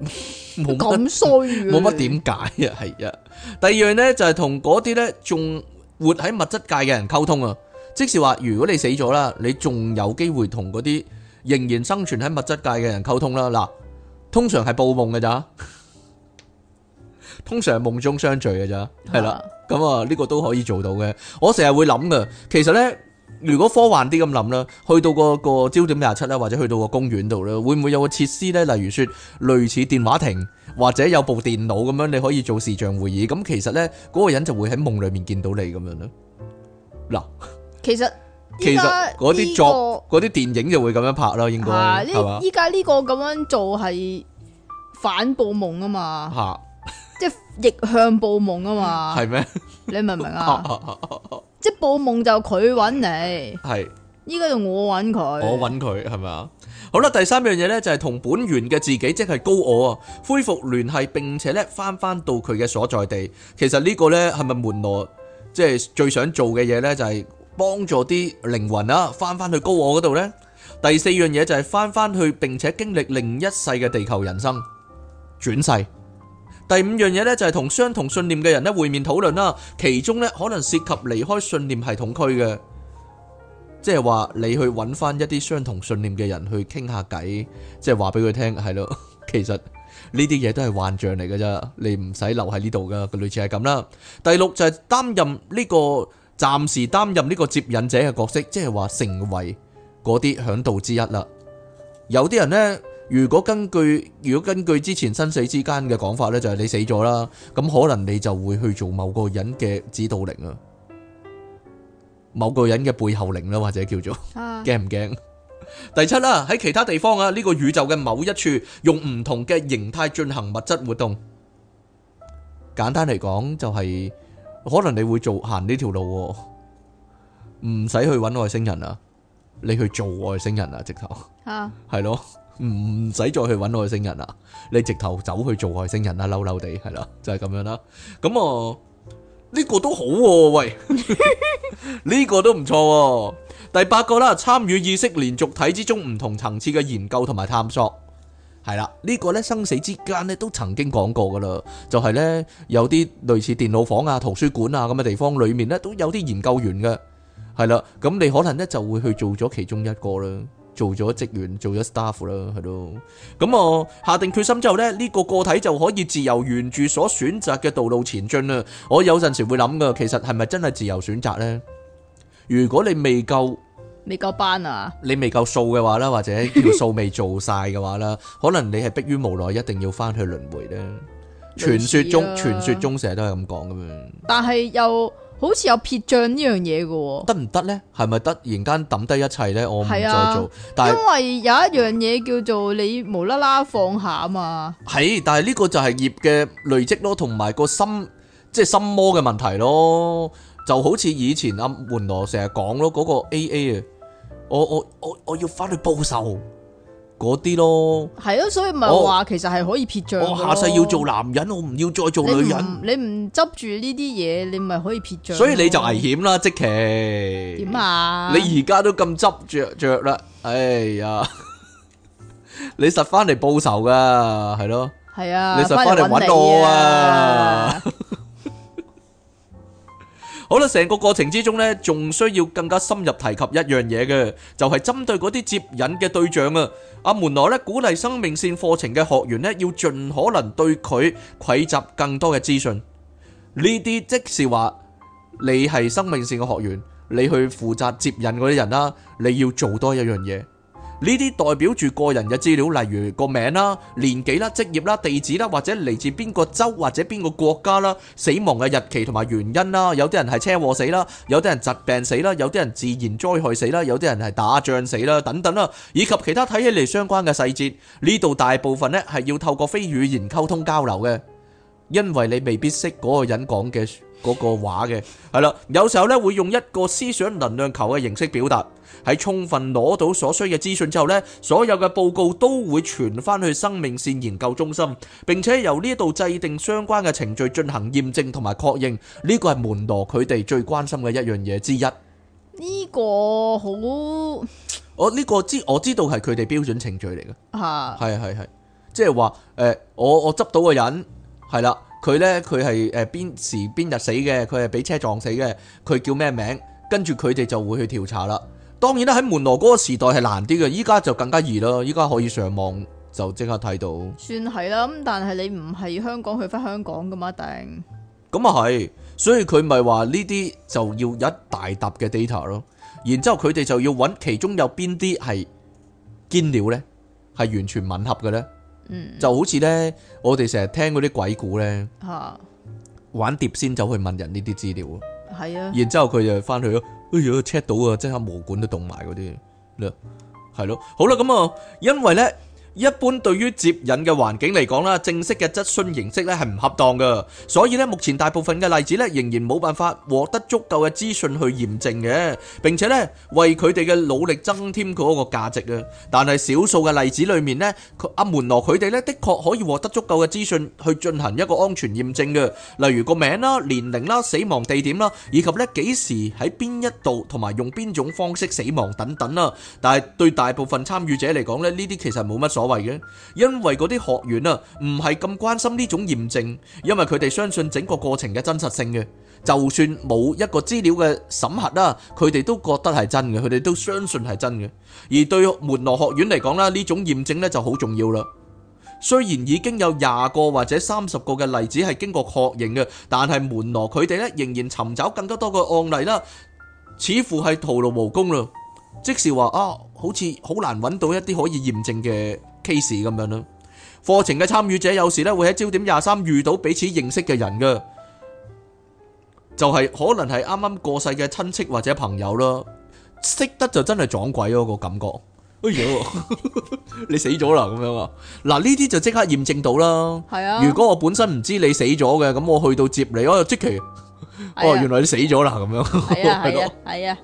[SPEAKER 2] 冇乜，冇乜點
[SPEAKER 1] 解啊？係啊，第二樣咧就係同嗰啲咧仲活喺物質界嘅人溝通啊！即是話，如果你死咗啦，你仲有機會同嗰啲仍然生存喺物質界嘅人溝通啦。嗱，通常係報夢㗎咋，通常係夢中相聚㗎咋，係啦。咁啊，呢個都可以做到嘅。我成日會諗噶，其實咧。如果科幻啲咁諗啦，去到個個焦點廿七啦，或者去到個公園度咧，會唔會有個設施呢？例如說，類似電話亭或者有部電腦咁樣，你可以做視像會議。咁其實呢，嗰個人就會喺夢裏面見到你咁樣呢。嗱，
[SPEAKER 2] 其實其實嗰啲作啲、這
[SPEAKER 1] 個、電影就會咁樣拍啦，應該係、啊、吧嘛？依
[SPEAKER 2] 家呢個咁樣做係反報夢啊嘛。即係逆向報夢啊嘛，係咩？你明唔明啊？即係報夢就佢揾你，係依家就我揾佢，我
[SPEAKER 1] 揾佢係咪啊？好啦，第三樣嘢咧就係同本源嘅自己，即係高我啊，恢復聯繫，並且咧翻翻到佢嘅所在地。其實呢個咧係咪門羅，即係最想做嘅嘢咧就係幫助啲靈魂啦，翻翻去高我嗰度咧。第四樣嘢就係翻翻去，並且經歷另一世嘅地球人生轉世。第五樣嘢咧就係同相同信念嘅人咧會面討論啦，其中咧可能涉及離開信念系統區嘅，即係話你去揾翻一啲相同信念嘅人去傾下偈，即係話俾佢聽係咯，其實呢啲嘢都係幻象嚟嘅啫，你唔使留喺呢度噶，個類似係咁啦。第六就係擔任呢個暫時擔任呢個接引者嘅角色，即係話成為嗰啲嚮導之一啦。有啲人呢。如果根據如果根據之前生死之間嘅講法呢，就係你死咗啦，咁可能你就會去做某個人嘅指導靈啊，某個人嘅背後靈啦，或者叫做驚唔驚？第七啦，喺其他地方啊，呢個宇宙嘅某一處用唔同嘅形態進行物質活動。簡單嚟講，就係可能你會做行呢條路，唔使去揾外星人啊，你去做外星人啊，直頭啊，係咯。唔使再去揾外星人啦，你直頭走去做外星人啦，嬲嬲哋係啦，就係咁樣啦。咁啊呢個都好喎，喂，呢個都唔錯。第八個啦，參與意識連續體之中唔同層次嘅研究同埋探索，係啦，呢個咧生死之間咧都曾經講過噶啦，就係咧有啲類似電腦房啊、圖書館啊咁嘅地方裏面咧都有啲研究員嘅，係啦，咁你可能咧就會去做咗其中一個啦。做咗職員，做咗 staff 啦，係咯。咁、嗯、我下定決心之後呢，呢、呢個個體就可以自由沿住所選擇嘅道路前進啦。我有陣時會諗噶，其實係咪真係自由選擇呢？如果你未夠，
[SPEAKER 2] 未夠班啊，
[SPEAKER 1] 你未夠數嘅話啦，或者條數未做晒嘅話啦， 可能你係迫於無奈，一定要翻去輪回呢。傳說,傳說中，傳說中成日都係咁講咁樣。
[SPEAKER 2] 但係又。好似有撇賬呢樣嘢嘅，得唔得咧？
[SPEAKER 1] 係咪突然間抌低一切咧？我唔再做，但係因
[SPEAKER 2] 為有一樣嘢叫做你無啦啦放下啊嘛。
[SPEAKER 1] 係，但係呢個就係業嘅累積咯，同埋個心即係心魔嘅問題咯。就好似以前阿門羅成日講咯，嗰個 A A 啊，我我我我要翻去報仇。嗰啲咯，係
[SPEAKER 2] 咯，所以咪係話
[SPEAKER 1] 其實係可以撇
[SPEAKER 2] 着。我下世要
[SPEAKER 1] 做男人，我唔要再做女人。
[SPEAKER 2] 你唔執住呢啲嘢，你咪可以撇着。所以你就危
[SPEAKER 1] 險啦，即其。點
[SPEAKER 2] 啊？你而
[SPEAKER 1] 家都咁執着着啦，哎呀！ 你實翻嚟報仇噶，係咯？係的啊，你實翻嚟揾我啊！好啦，成個過程之中呢，仲需要更加深入提及一樣嘢嘅，就係、是、針對嗰啲接引嘅對象啊。阿門羅呢，鼓勵生命線課程嘅學員呢，要盡可能對佢匯集更多嘅資訊。呢啲即是話，你係生命線嘅學員，你去負責接引嗰啲人啦，你要做多一樣嘢。呢啲代表住個人嘅資料，例如個名啦、年紀啦、職業啦、地址啦，或者嚟自邊個州或者邊個國家啦、死亡嘅日期同埋原因啦。有啲人係車禍死啦，有啲人疾病死啦，有啲人自然災害死啦，有啲人係打仗死啦等等啦，以及其他睇起嚟相關嘅細節。呢度大部分呢係要透過非語言溝通交流嘅。因為你未必識嗰個人講嘅嗰個話嘅，係啦，有時候咧會用一個思想能量球嘅形式表達。喺充分攞到所需嘅資訊之後咧，所有嘅報告都會傳翻去生命線研究中心，並且由呢度制定相關嘅程序進行驗證同埋確認。呢個係門羅佢哋最關心嘅一樣嘢之一。
[SPEAKER 2] 呢個好，
[SPEAKER 1] 我呢個知我知道係佢哋標準程序嚟嘅。啊，係係係，即係話誒，我我執到個人。係啦，佢呢，佢係誒邊時邊日死嘅，佢係俾車撞死嘅，佢叫咩名？跟住佢哋就會去調查啦。當然啦，喺門羅嗰個時代係難啲嘅，依家就更加易啦。依家可以上網就即刻睇到。
[SPEAKER 2] 算係啦，但係你唔係香港去翻香港嘅嘛？定
[SPEAKER 1] 咁啊？係，所以佢咪話呢啲就要一大沓嘅 data 咯。然之後佢哋就要揾其中有邊啲係堅料呢？係完全吻合嘅呢。就好似咧，我哋成日聽嗰啲鬼故咧，啊、玩碟先走去問人呢啲資料
[SPEAKER 2] 咯，係啊的，
[SPEAKER 1] 然之後佢就翻去咯，哎呀 check 到啊，即刻毛管都凍埋嗰啲，係咯，好啦，咁啊，因為咧。一般對於接引嘅環境嚟講啦，正式嘅質詢形式咧係唔恰當㗎，所以咧目前大部分嘅例子咧仍然冇辦法獲得足夠嘅資訊去驗證嘅，並且咧為佢哋嘅努力增添佢嗰個價值啊！但係少數嘅例子裏面咧，阿門羅佢哋咧，的確可以獲得足夠嘅資訊去進行一個安全驗證嘅，例如個名啦、年齡啦、死亡地點啦，以及咧幾時喺邊一度同埋用邊種方式死亡等等啦。但係對大部分參與者嚟講咧，呢啲其實冇乜所謂。為嘅，因為嗰啲學員啊，唔係咁關心呢種驗證，因為佢哋相信整個過程嘅真實性嘅。就算冇一個資料嘅審核啦，佢哋都覺得係真嘅，佢哋都相信係真嘅。而對門羅學院嚟講啦，呢種驗證呢就好重要啦。雖然已經有廿個或者三十個嘅例子係經過確認嘅，但係門羅佢哋呢仍然尋找更加多嘅案例啦，似乎係徒勞無功啦。即係話啊。好似好難揾到一啲可以驗證嘅 case 咁樣咯。課程嘅參與者有時咧會喺焦點廿三遇到彼此認識嘅人㗎，就係、是、可能係啱啱過世嘅親戚或者朋友咯。識得就真係撞鬼咯，個感覺。哎喲， 你死咗啦咁樣啊！嗱呢啲就即刻驗證到啦。係啊。如果我本身唔知你死咗嘅，咁我去到接你，我即期哦，原來你死咗啦咁樣。係係啊。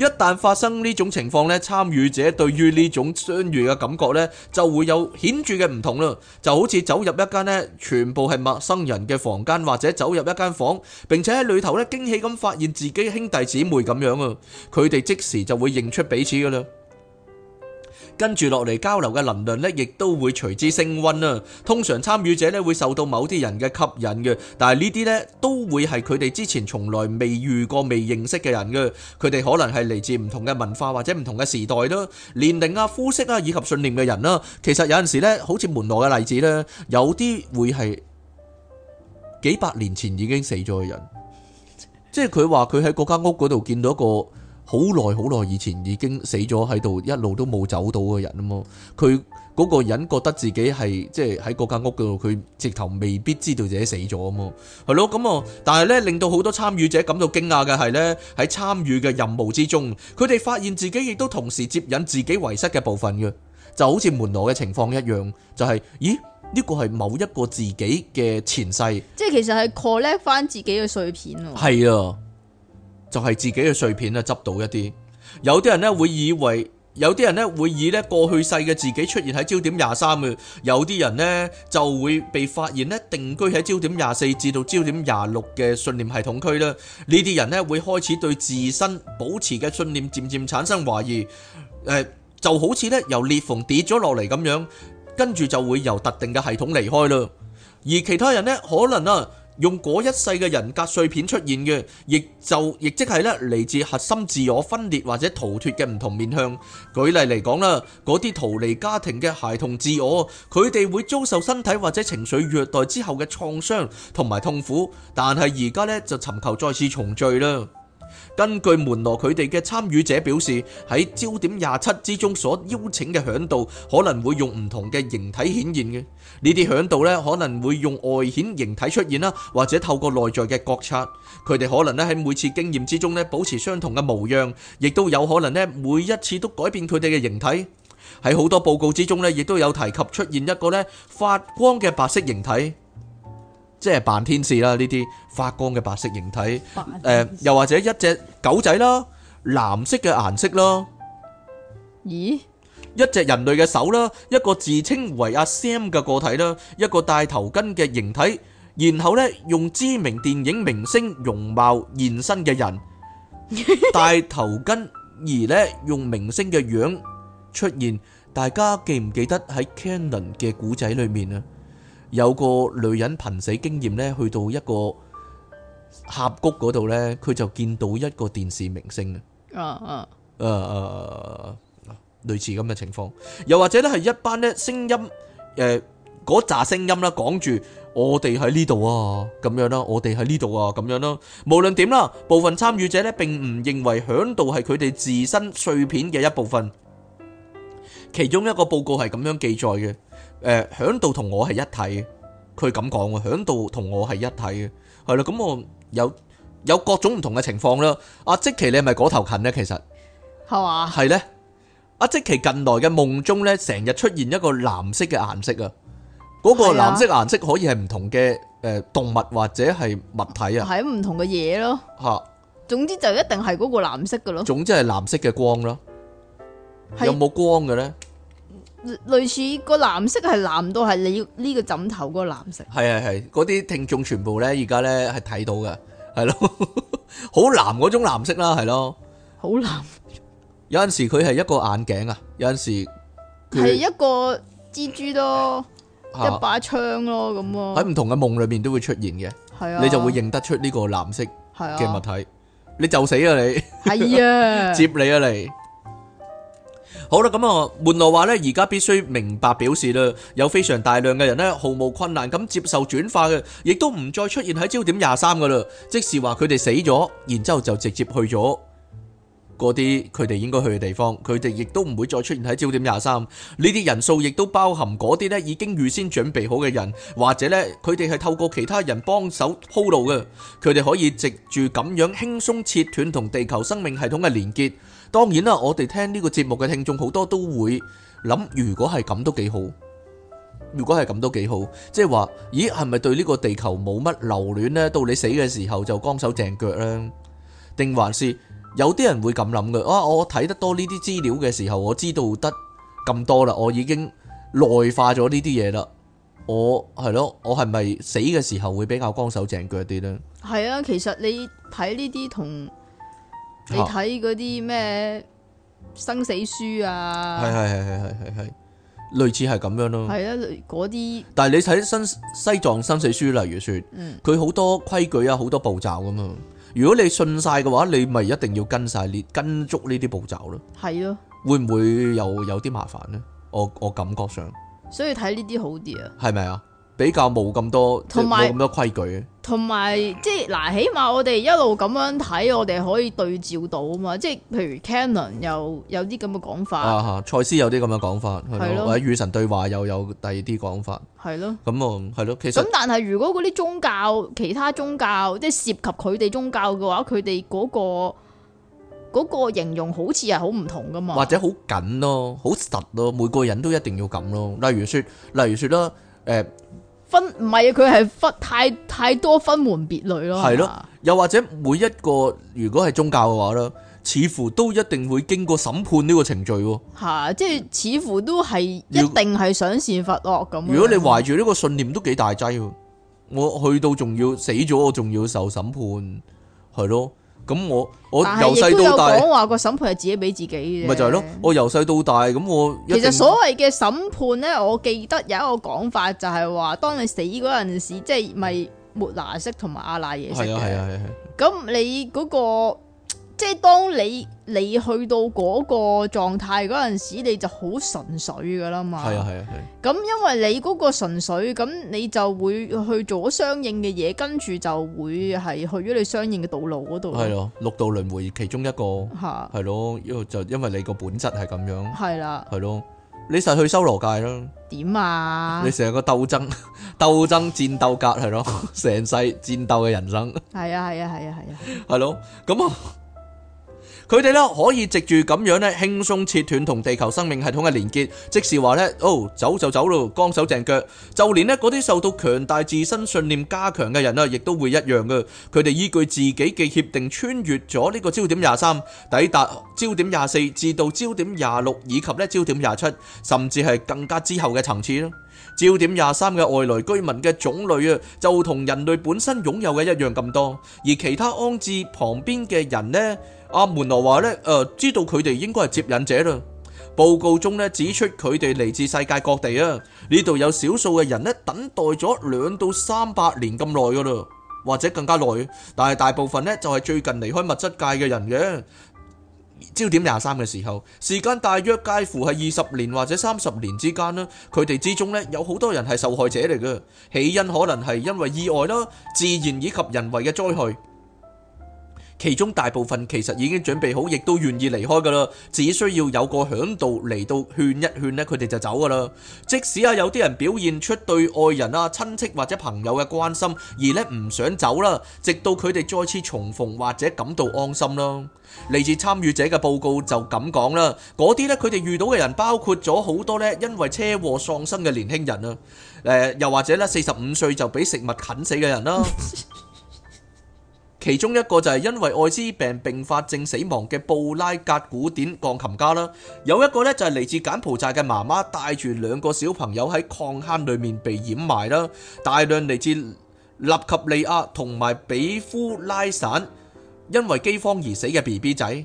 [SPEAKER 1] 一旦發生呢種情況咧，參與者對於呢種相遇嘅感覺咧，就會有顯著嘅唔同咯。就好似走入一間咧全部係陌生人嘅房間，或者走入一間房間，並且喺裏頭咧驚喜咁發現自己兄弟姊妹咁樣啊，佢哋即時就會認出彼此㗎喇。跟住落嚟交流嘅能量咧，亦都會隨之升溫啊！通常參與者咧會受到某啲人嘅吸引嘅，但係呢啲咧都會係佢哋之前從來未遇過、未認識嘅人嘅。佢哋可能係嚟自唔同嘅文化或者唔同嘅時代咯、年齡啊、膚色啊以及信念嘅人啦。其實有陣時咧，好似門羅嘅例子咧，有啲會係幾百年前已經死咗嘅人，即係佢話佢喺嗰間屋嗰度見到一個好耐好耐以前已經死咗喺度，一路都冇走到嘅人啊嘛，佢嗰個人覺得自己係即係喺嗰間屋度，佢直頭未必知道自己死咗啊嘛，係咯，咁啊，但係咧令到好多參與者感到驚訝嘅係咧喺參與嘅任務之中，佢哋發現自己亦都同時接引自己遺失嘅部分嘅，就好似門羅嘅情況一樣，就係咦呢個係某一個自己嘅前世，
[SPEAKER 2] 即係其實係 collect 翻自己嘅碎片喎，係
[SPEAKER 1] 啊。就係自己嘅碎片啊，執到一啲。有啲人咧會以為，有啲人咧會以咧過去世嘅自己出現喺焦點廿三嘅，有啲人咧就會被發現咧定居喺焦點廿四至到焦點廿六嘅信念系統區啦。呢啲人咧會開始對自身保持嘅信念漸漸產生懷疑，誒就好似咧由裂縫跌咗落嚟咁樣，跟住就會由特定嘅系統離開啦。而其他人咧可能啊～用嗰一世嘅人格碎片出現嘅，亦就亦即係咧嚟自核心自我分裂或者逃脫嘅唔同面向。舉例嚟講啦，嗰啲逃離家庭嘅孩童自我，佢哋會遭受身體或者情緒虐待之後嘅創傷同埋痛苦，但係而家咧就尋求再次重聚啦。根據門羅佢哋嘅參與者表示，喺焦點廿七之中所邀請嘅響度可能會用唔同嘅形體顯現嘅。呢啲響度呢，可能會用外顯形體出現啦，或者透過內在嘅覺察，佢哋可能呢喺每次經驗之中呢保持相同嘅模樣，亦都有可能呢每一次都改變佢哋嘅形體。喺好多報告之中呢，亦都有提及出現一個呢發光嘅白色形體。即係扮天使啦，呢啲發光嘅白色形體，誒，又或者一隻狗仔啦，藍色嘅顏色囉，咦？一隻人類嘅手啦，一個自稱為阿 Sam 嘅個體啦，一個戴頭巾嘅形體，然後呢用知名電影明星容貌現身嘅人，戴頭巾而呢用明星嘅樣出現，大家記唔記得喺 Canon 嘅古仔裏面啊？有個女人瀕死經驗咧，去到一個峽谷嗰度咧，佢就見到一個電視明星啊！啊啊啊！類似咁嘅情況，又或者咧係一班咧聲音，誒嗰紮聲音啦，講住我哋喺呢度啊，咁樣啦，我哋喺呢度啊，咁樣啦，無論點啦，部分參與者咧並唔認為響度係佢哋自身碎片嘅一部分。其中一個報告係咁樣記載嘅，誒響度同我係一體，佢咁講喎，響度同我係一體嘅，係啦，咁我有有各種唔同嘅情況啦。阿即奇你係咪嗰頭近咧？其實係嘛？係咧，阿即奇近來嘅夢中咧，成日出現一個藍色嘅顏色啊，嗰個藍色顏色可以係唔同嘅誒動物或者係物體啊，
[SPEAKER 2] 係唔同嘅嘢咯。嚇，總之就一定係嗰個藍色嘅咯。
[SPEAKER 1] 總之係藍色嘅光咯。有冇光嘅咧？
[SPEAKER 2] 類似個藍色係藍到係你呢個枕頭嗰個藍色。
[SPEAKER 1] 係係係，嗰啲聽眾全部咧而家咧係睇到嘅，係咯，好藍嗰種藍色啦，係咯，好藍。有陣時佢係一個眼鏡啊，有陣時係一
[SPEAKER 2] 個蜘蛛咯，
[SPEAKER 1] 一把
[SPEAKER 2] 槍咯咁啊。喺唔
[SPEAKER 1] 同嘅夢裏面都會出現嘅，係啊，你就會認得出呢個藍色係嘅物體，你就死啊你，係啊，接你啊你。好啦，咁啊，門羅話呢，而家必須明白表示啦，有非常大量嘅人呢，毫無困難咁接受轉化嘅，亦都唔再出現喺焦點廿三噶啦。即使話佢哋死咗，然之後就直接去咗嗰啲佢哋應該去嘅地方，佢哋亦都唔會再出現喺焦點廿三。呢啲人數亦都包含嗰啲呢已經預先準備好嘅人，或者呢，佢哋係透過其他人幫手鋪路嘅，佢哋可以藉住咁樣輕鬆切斷同地球生命系統嘅連結。當然啦，我哋聽呢個節目嘅聽眾好多都會諗，如果係咁都幾好，如果係咁都幾好，即係話，咦，係咪對呢個地球冇乜留戀呢？到你死嘅時候就乾手淨腳呢？定還是有啲人會咁諗嘅？啊，我睇得多呢啲資料嘅時候，我知道得咁多啦，我已經內化咗呢啲嘢啦。我係咯，我係咪死嘅時候會比較乾手淨腳啲呢？
[SPEAKER 2] 係啊，其實你睇呢啲同。你睇嗰啲咩生死書啊？係
[SPEAKER 1] 係係係係係係，類似係咁樣咯。係
[SPEAKER 2] 啊，嗰啲。
[SPEAKER 1] 但係你睇新西藏生死書，例如說，嗯，佢好多規矩啊，好多步驟噶嘛。如果你信晒嘅話，你咪一定要跟晒，你跟足呢啲步驟咯。係咯的。會唔會又有啲麻煩呢？我我感覺上，
[SPEAKER 2] 所以睇呢啲好啲啊？
[SPEAKER 1] 係咪啊？比較冇咁多，有即係冇咁多規矩。
[SPEAKER 2] 同埋即係嗱，起碼我哋一路咁樣睇，我哋可以對照到啊嘛。即係譬如 Canon 又有啲咁嘅講法，啊
[SPEAKER 1] 啊！賽斯有啲咁嘅講法，係咯的，或者與神對話又有第二啲講法，係咯的。咁啊，係咯。其實咁
[SPEAKER 2] 但係，如果嗰啲宗教、其他宗教，即係涉及佢哋宗教嘅話，佢哋嗰個嗰個形容好似係好唔同㗎嘛，或者
[SPEAKER 1] 好緊咯、啊，好實咯，每個人都一定要咁咯。例如說，例如說啦，誒。呃
[SPEAKER 2] 分唔係啊，佢係分太太多分門別類咯。係咯
[SPEAKER 1] 吧，又或者每一個如果係宗教嘅話咧，似乎都一定會經過審判呢個程序喎。
[SPEAKER 2] 吓、啊，即係似乎都係要一定係賞善罰惡咁。如果你懷
[SPEAKER 1] 住呢個信念都幾大劑，我去到仲要死咗，我仲要受審判，係咯。咁我是我由細到大，講
[SPEAKER 2] 話個審判係自己俾自己嘅，咪就係咯。我
[SPEAKER 1] 由細到大咁我，其實所
[SPEAKER 2] 謂嘅審判咧，我記得有一個講法就係話，當你死嗰陣時，即係咪末那識同埋阿賴耶識嘅，係啊，係啊，係啊。咁你嗰、那個。即係當你你去到嗰個狀態嗰陣時，你就好純粹噶啦嘛。係啊，係啊，係。咁因為你嗰個純粹，咁你就會去做咗相應嘅嘢，跟住就會係去咗你相應嘅道路嗰度。係咯，
[SPEAKER 1] 六道輪迴其中一個。吓。係咯，因為就因為你個本質係咁樣。係啦。係咯，你實去修羅界咯。
[SPEAKER 2] 點啊？你
[SPEAKER 1] 成個鬥爭、鬥爭、戰鬥格係咯，成世戰鬥嘅人生。
[SPEAKER 2] 係啊，係啊，係啊，係啊。
[SPEAKER 1] 係咯，咁啊。佢哋咧可以藉住咁樣咧輕鬆切斷同地球生命系統嘅連結，即是話咧哦走就走咯，乾手淨腳。就連咧嗰啲受到強大自身信念加強嘅人啊，亦都會一樣嘅。佢哋依據自己嘅協定穿越咗呢個焦點廿三，抵達焦點廿四至到焦點廿六以及咧焦點廿七，甚至係更加之後嘅層次。焦點廿三嘅外來居民嘅種類啊，就同人類本身擁有嘅一樣咁多，而其他安置旁邊嘅人咧。阿門羅話咧，誒，知道佢哋應該係接引者啦。報告中咧指出，佢哋嚟自世界各地啊。呢度有少數嘅人咧等待咗兩到三百年咁耐噶啦，或者更加耐。但係大部分咧就係最近離開物質界嘅人嘅。焦點廿三嘅時候，時間大約介乎係二十年或者三十年之間啦。佢哋之中咧有好多人係受害者嚟嘅，起因可能係因為意外啦、自然以及人為嘅災害。其中大部分其實已經準備好，亦都願意離開㗎啦，只需要有個響度嚟到勸一勸咧，佢哋就走㗎啦。即使啊，有啲人表現出對愛人啊、親戚或者朋友嘅關心，而咧唔想走啦，直到佢哋再次重逢或者感到安心啦。嚟自參與者嘅報告就咁講啦，嗰啲咧佢哋遇到嘅人包括咗好多咧，因為車禍喪生嘅年輕人啊，誒又或者咧四十五歲就俾食物啃死嘅人啦。其中一個就係因為艾滋病併發症死亡嘅布拉格古典鋼琴家啦，有一個呢，就係嚟自柬埔寨嘅媽媽帶住兩個小朋友喺礦坑裏面被掩埋啦，大量嚟自奈及利亞同埋比夫拉散，因為饑荒而死嘅 B B 仔。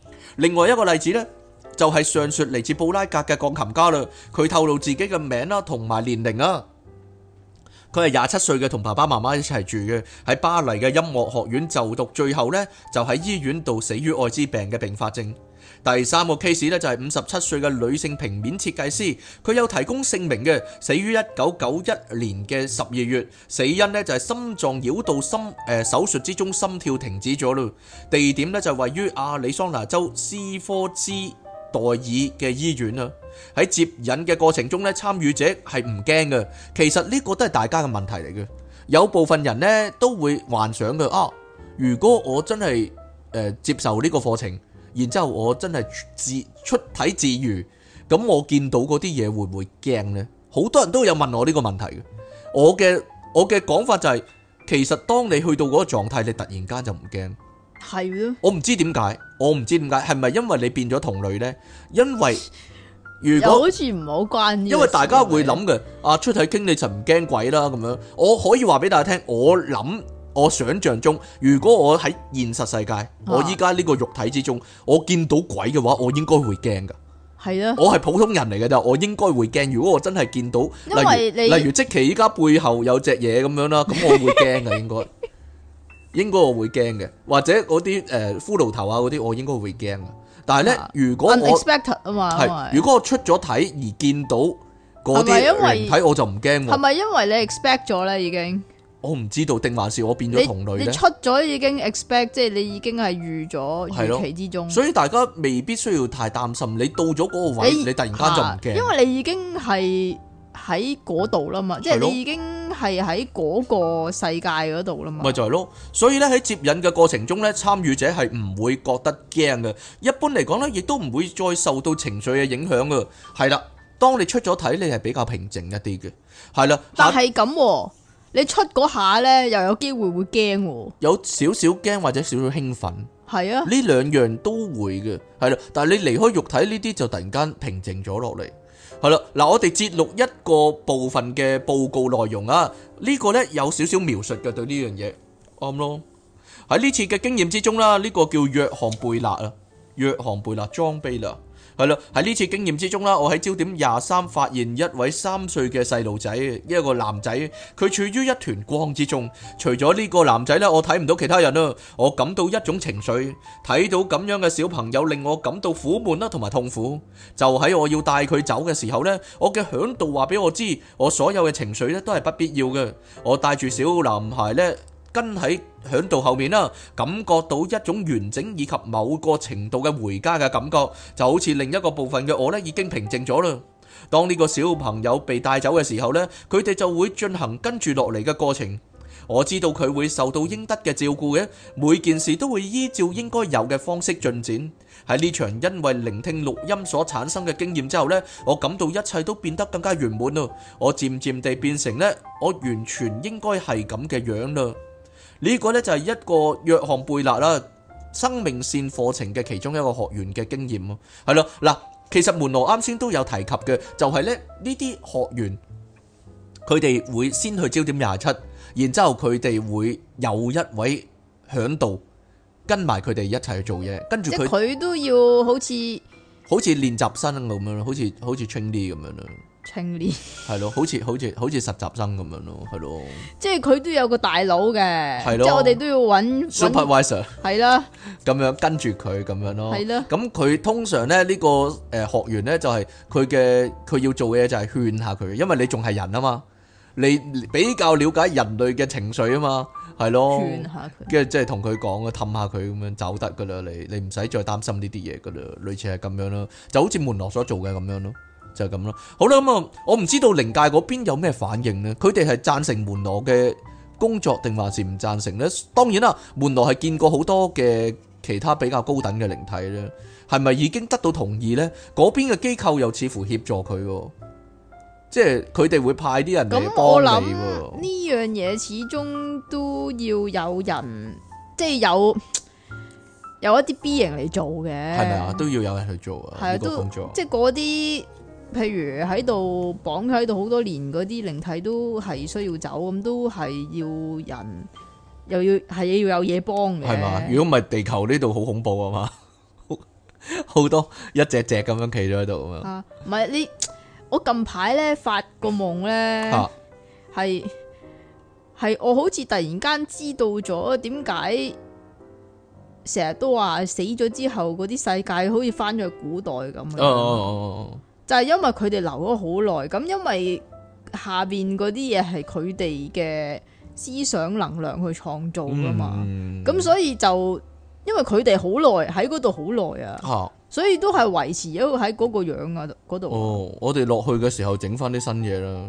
[SPEAKER 1] 另外一個例子呢，就係上述嚟自布拉格嘅鋼琴家啦。佢透露自己嘅名啦，同埋年齡啊。佢係廿七歲嘅，同爸爸媽媽一齊住嘅，喺巴黎嘅音樂學院就讀，最後呢，就喺醫院度死於艾滋病嘅併發症。第三個 case 咧就係五十七歲嘅女性平面設計師，佢有提供姓名嘅，死於一九九一年嘅十二月，死因呢，就係心臟繞道心誒、呃、手術之中心跳停止咗咯。地點咧就位於阿里桑拿州斯科茲代爾嘅醫院啦。喺接引嘅過程中咧，參與者係唔驚嘅。其實呢個都係大家嘅問題嚟嘅，有部分人呢，都會幻想佢啊，如果我真係誒、呃、接受呢個課程。然之後我真係自出體自如，咁我見到嗰啲嘢會唔會驚呢？好多人都有問我呢個問題嘅。我嘅我嘅講法就係、是，其實當你去到嗰個狀態，你突然間就唔驚。係咯的。我唔知點解，我唔知點解，係咪因為你變咗同類呢？因為如果好
[SPEAKER 2] 似唔好關，因為大家
[SPEAKER 1] 會諗嘅，為啊出體傾你就唔驚鬼啦咁樣。我可以話俾大家聽，我諗。我想象中，如果我喺現實世界，我依家呢個肉體之中，我見到鬼嘅話，我應該會驚噶。
[SPEAKER 2] 係啊，我係普
[SPEAKER 1] 通人嚟嘅啫，我應該會驚。如果我真係見到，因為例如即期依家背後有隻嘢，咁樣啦，咁我會驚嘅。應該，應該我會驚嘅，或者嗰啲，誒骷髏頭啊嗰啲，我應該會驚嘅。但係咧，如果
[SPEAKER 2] unexpected 啊嘛，係如果
[SPEAKER 1] 我出咗體而見到嗰啲靈體，我就唔驚。係咪
[SPEAKER 2] 因為你 expect 咗咧已經？
[SPEAKER 1] 我唔知道，定還是我變咗同類咧？你出
[SPEAKER 2] 咗已經 expect，即係你已經係預咗預期之中。所
[SPEAKER 1] 以大家未必需要太擔心。你到咗嗰個位，你突然間就唔驚，因為
[SPEAKER 2] 你已經係喺嗰度啦嘛，即係你已經係喺嗰個世界嗰度啦嘛。咪
[SPEAKER 1] 就係咯。所以咧喺接引嘅過程中咧，參與者係唔會覺得驚嘅。一般嚟講咧，亦都唔會再受到情緒嘅影響噶。係啦，當你出咗體，你係比較平靜一啲嘅。係啦，但係
[SPEAKER 2] 咁。你出嗰下呢，又有機會會驚，
[SPEAKER 1] 有少少驚或者少少興奮，係啊，呢兩樣都會嘅，係啦。但係你離開肉體呢啲就突然間平靜咗落嚟，係啦。嗱，我哋節錄一個部分嘅報告內容啊，呢、呢個呢，有少少描述嘅對呢樣嘢，啱、嗯、咯。喺呢次嘅經驗之中啦，呢、呢個叫約翰貝納啊。約翰貝納裝備啦，係啦，喺呢次經驗之中啦，我喺焦點廿三發現一位三歲嘅細路仔，一個男仔，佢處於一團光之中。除咗呢個男仔呢，我睇唔到其他人啦。我感到一種情緒，睇到咁樣嘅小朋友令我感到苦悶啦同埋痛苦。就喺我要帶佢走嘅時候呢，我嘅響度話俾我知，我所有嘅情緒呢都係不必要嘅。我帶住小男孩呢。跟喺響度後面啦，感覺到一種完整以及某個程度嘅回家嘅感覺，就好似另一個部分嘅我呢已經平靜咗啦。當呢個小朋友被帶走嘅時候呢，佢哋就會進行跟住落嚟嘅過程。我知道佢會受到應得嘅照顧嘅，每件事都會依照應該有嘅方式進展。喺呢場因為聆聽錄音所產生嘅經驗之後呢，我感到一切都變得更加圓滿咯。我漸漸地變成呢，我完全應該係咁嘅樣啦。呢個呢，就係一個約翰貝納啦生命線課程嘅其中一個學員嘅經驗咯，係咯，嗱，其實門羅啱先都有提及嘅，就係咧呢啲學員佢哋會先去焦點廿七，然之後佢哋會有一位喺度跟埋佢哋一齊去做嘢，跟住佢佢
[SPEAKER 2] 都要好似
[SPEAKER 1] 好似練習生咁樣，好似好似 train 啲咁樣。
[SPEAKER 2] 青年
[SPEAKER 1] 係咯，好似好似好似實習生咁樣咯，係咯，
[SPEAKER 2] 即係佢都有個大佬嘅，即係我哋都要揾 supervisor 係啦，
[SPEAKER 1] 咁樣跟住佢咁樣咯，係咯，咁佢通常咧呢個誒學員咧就係佢嘅、佢要做嘅嘢就係勸下佢，因為你仲係人啊嘛，你比較了解人類嘅情緒啊嘛，係咯，勸下佢，跟住即係同佢講啊，氹下佢咁樣走得噶啦，你你唔使再擔心呢啲嘢噶啦，類似係咁樣咯，就好似門落所做嘅咁樣咯。就咁咯，好啦，咁、嗯、啊，我唔知道靈界嗰邊有咩反應呢？佢哋係贊成門羅嘅工作定還是唔贊成呢？當然啦，門羅係見過好多嘅其他比較高等嘅靈體咧，係咪已經得到同意咧？嗰邊嘅機構又似乎協助佢，即係佢哋會派啲人嚟幫你。咁我諗，
[SPEAKER 2] 呢樣嘢始終都要有人，即係有有一啲 B 型嚟做嘅，係咪啊？都
[SPEAKER 1] 要有人去做啊，呢的個工作，即係
[SPEAKER 2] 嗰啲。譬如喺度綁喺度好多年嗰啲靈體都係需要走，咁都係要人，又要係要有嘢幫嘅。係嘛？如
[SPEAKER 1] 果唔係地球呢度好恐怖啊嘛， 好多一隻隻咁樣企咗喺度啊！唔
[SPEAKER 2] 係你，我近排咧發個夢咧，係係、啊、我好似突然間知道咗點解成日都話死咗之後嗰啲世界好似翻咗去古代咁樣。哦哦哦哦但係因為佢哋留咗好耐，咁因為下邊嗰啲嘢係佢哋嘅思想能量去創造噶嘛，咁、嗯、所以就因為佢哋好耐喺嗰度好耐啊，所以都係維持咗喺嗰個樣啊嗰度。
[SPEAKER 1] 我哋落去嘅時候整翻啲新嘢啦，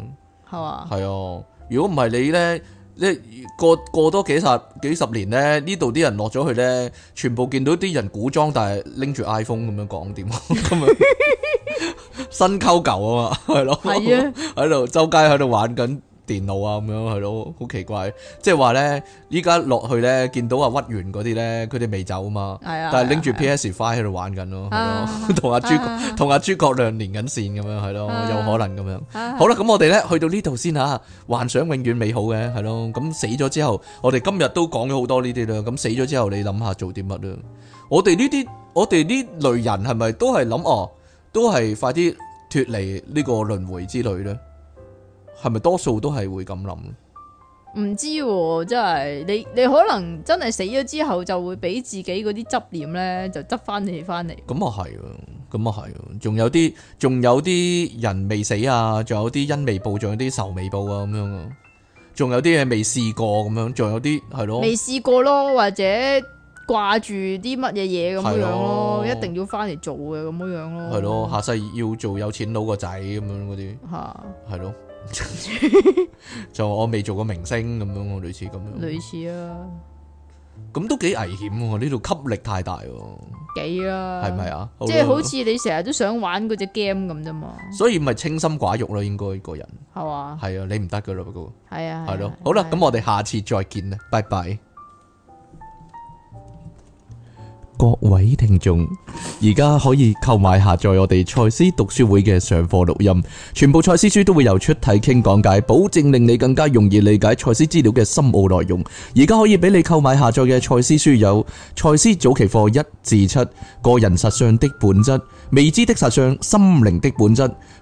[SPEAKER 2] 係嘛吧？係
[SPEAKER 1] 啊，如果唔係你咧。你過過多幾十幾十年咧，呢度啲人落咗去咧，全部見到啲人古裝，但係拎住 iPhone 咁樣講點，咁樣 新溝舊啊嘛，係咯，喺度周街喺度玩緊。電腦啊，咁樣係咯，好奇怪。即係話咧，依家落去咧，見到阿屈原嗰啲咧，佢哋未走啊嘛。係啊。但係拎住 PS5 喺度玩緊咯，係咯。同阿諸同阿諸葛亮連緊線咁樣係咯，有可能咁樣。好啦，咁我哋咧去到呢度先吓，幻想永遠美好嘅係咯。咁死咗之後，我哋今日都講咗好多呢啲啦。咁死咗之後，你諗下做啲乜啦？我哋呢啲我哋呢類人係咪都係諗哦？都係快啲脫離呢個輪迴之類咧。係咪多數都係會咁諗？
[SPEAKER 2] 唔知喎，真係你你可能真係死咗之後就會俾自己嗰啲執念咧，就執翻你翻嚟。
[SPEAKER 1] 咁啊係啊，咁啊係啊，仲有啲仲有啲人未死啊，仲有啲恩未報，仲有啲仇未報啊，咁樣啊，仲有啲嘢未試過咁樣，仲有啲係咯，未試
[SPEAKER 2] 過咯，或者掛住啲乜嘢嘢咁樣咯，一定要翻嚟做嘅咁樣咯，係咯，
[SPEAKER 1] 下世要做有錢佬個仔咁樣嗰啲，吓，係咯。 就我未做過明星咁樣，我類似咁樣。類似啊，咁都幾危險喎，啊！呢度吸力太大喎。
[SPEAKER 2] 幾啊？係
[SPEAKER 1] 咪啊？即係好似
[SPEAKER 2] 你成日都想玩嗰隻 game 咁啫嘛。所
[SPEAKER 1] 以咪清心寡欲咯，應該個人係哇。係吧啊，你唔得噶咯，不過係啊，係咯。好啦，咁我哋下次再見啦，啊、拜拜。各位聽眾，而家可以購買下載我哋賽斯讀書會嘅上課錄音，全部賽斯書都會由出體傾講解，保證令你更加容易理解賽斯資料嘅深奧內容。而家可以俾你購買下載嘅賽斯書有：賽斯早期課一至七、個人實相的本質、未知的實相、心靈的本質。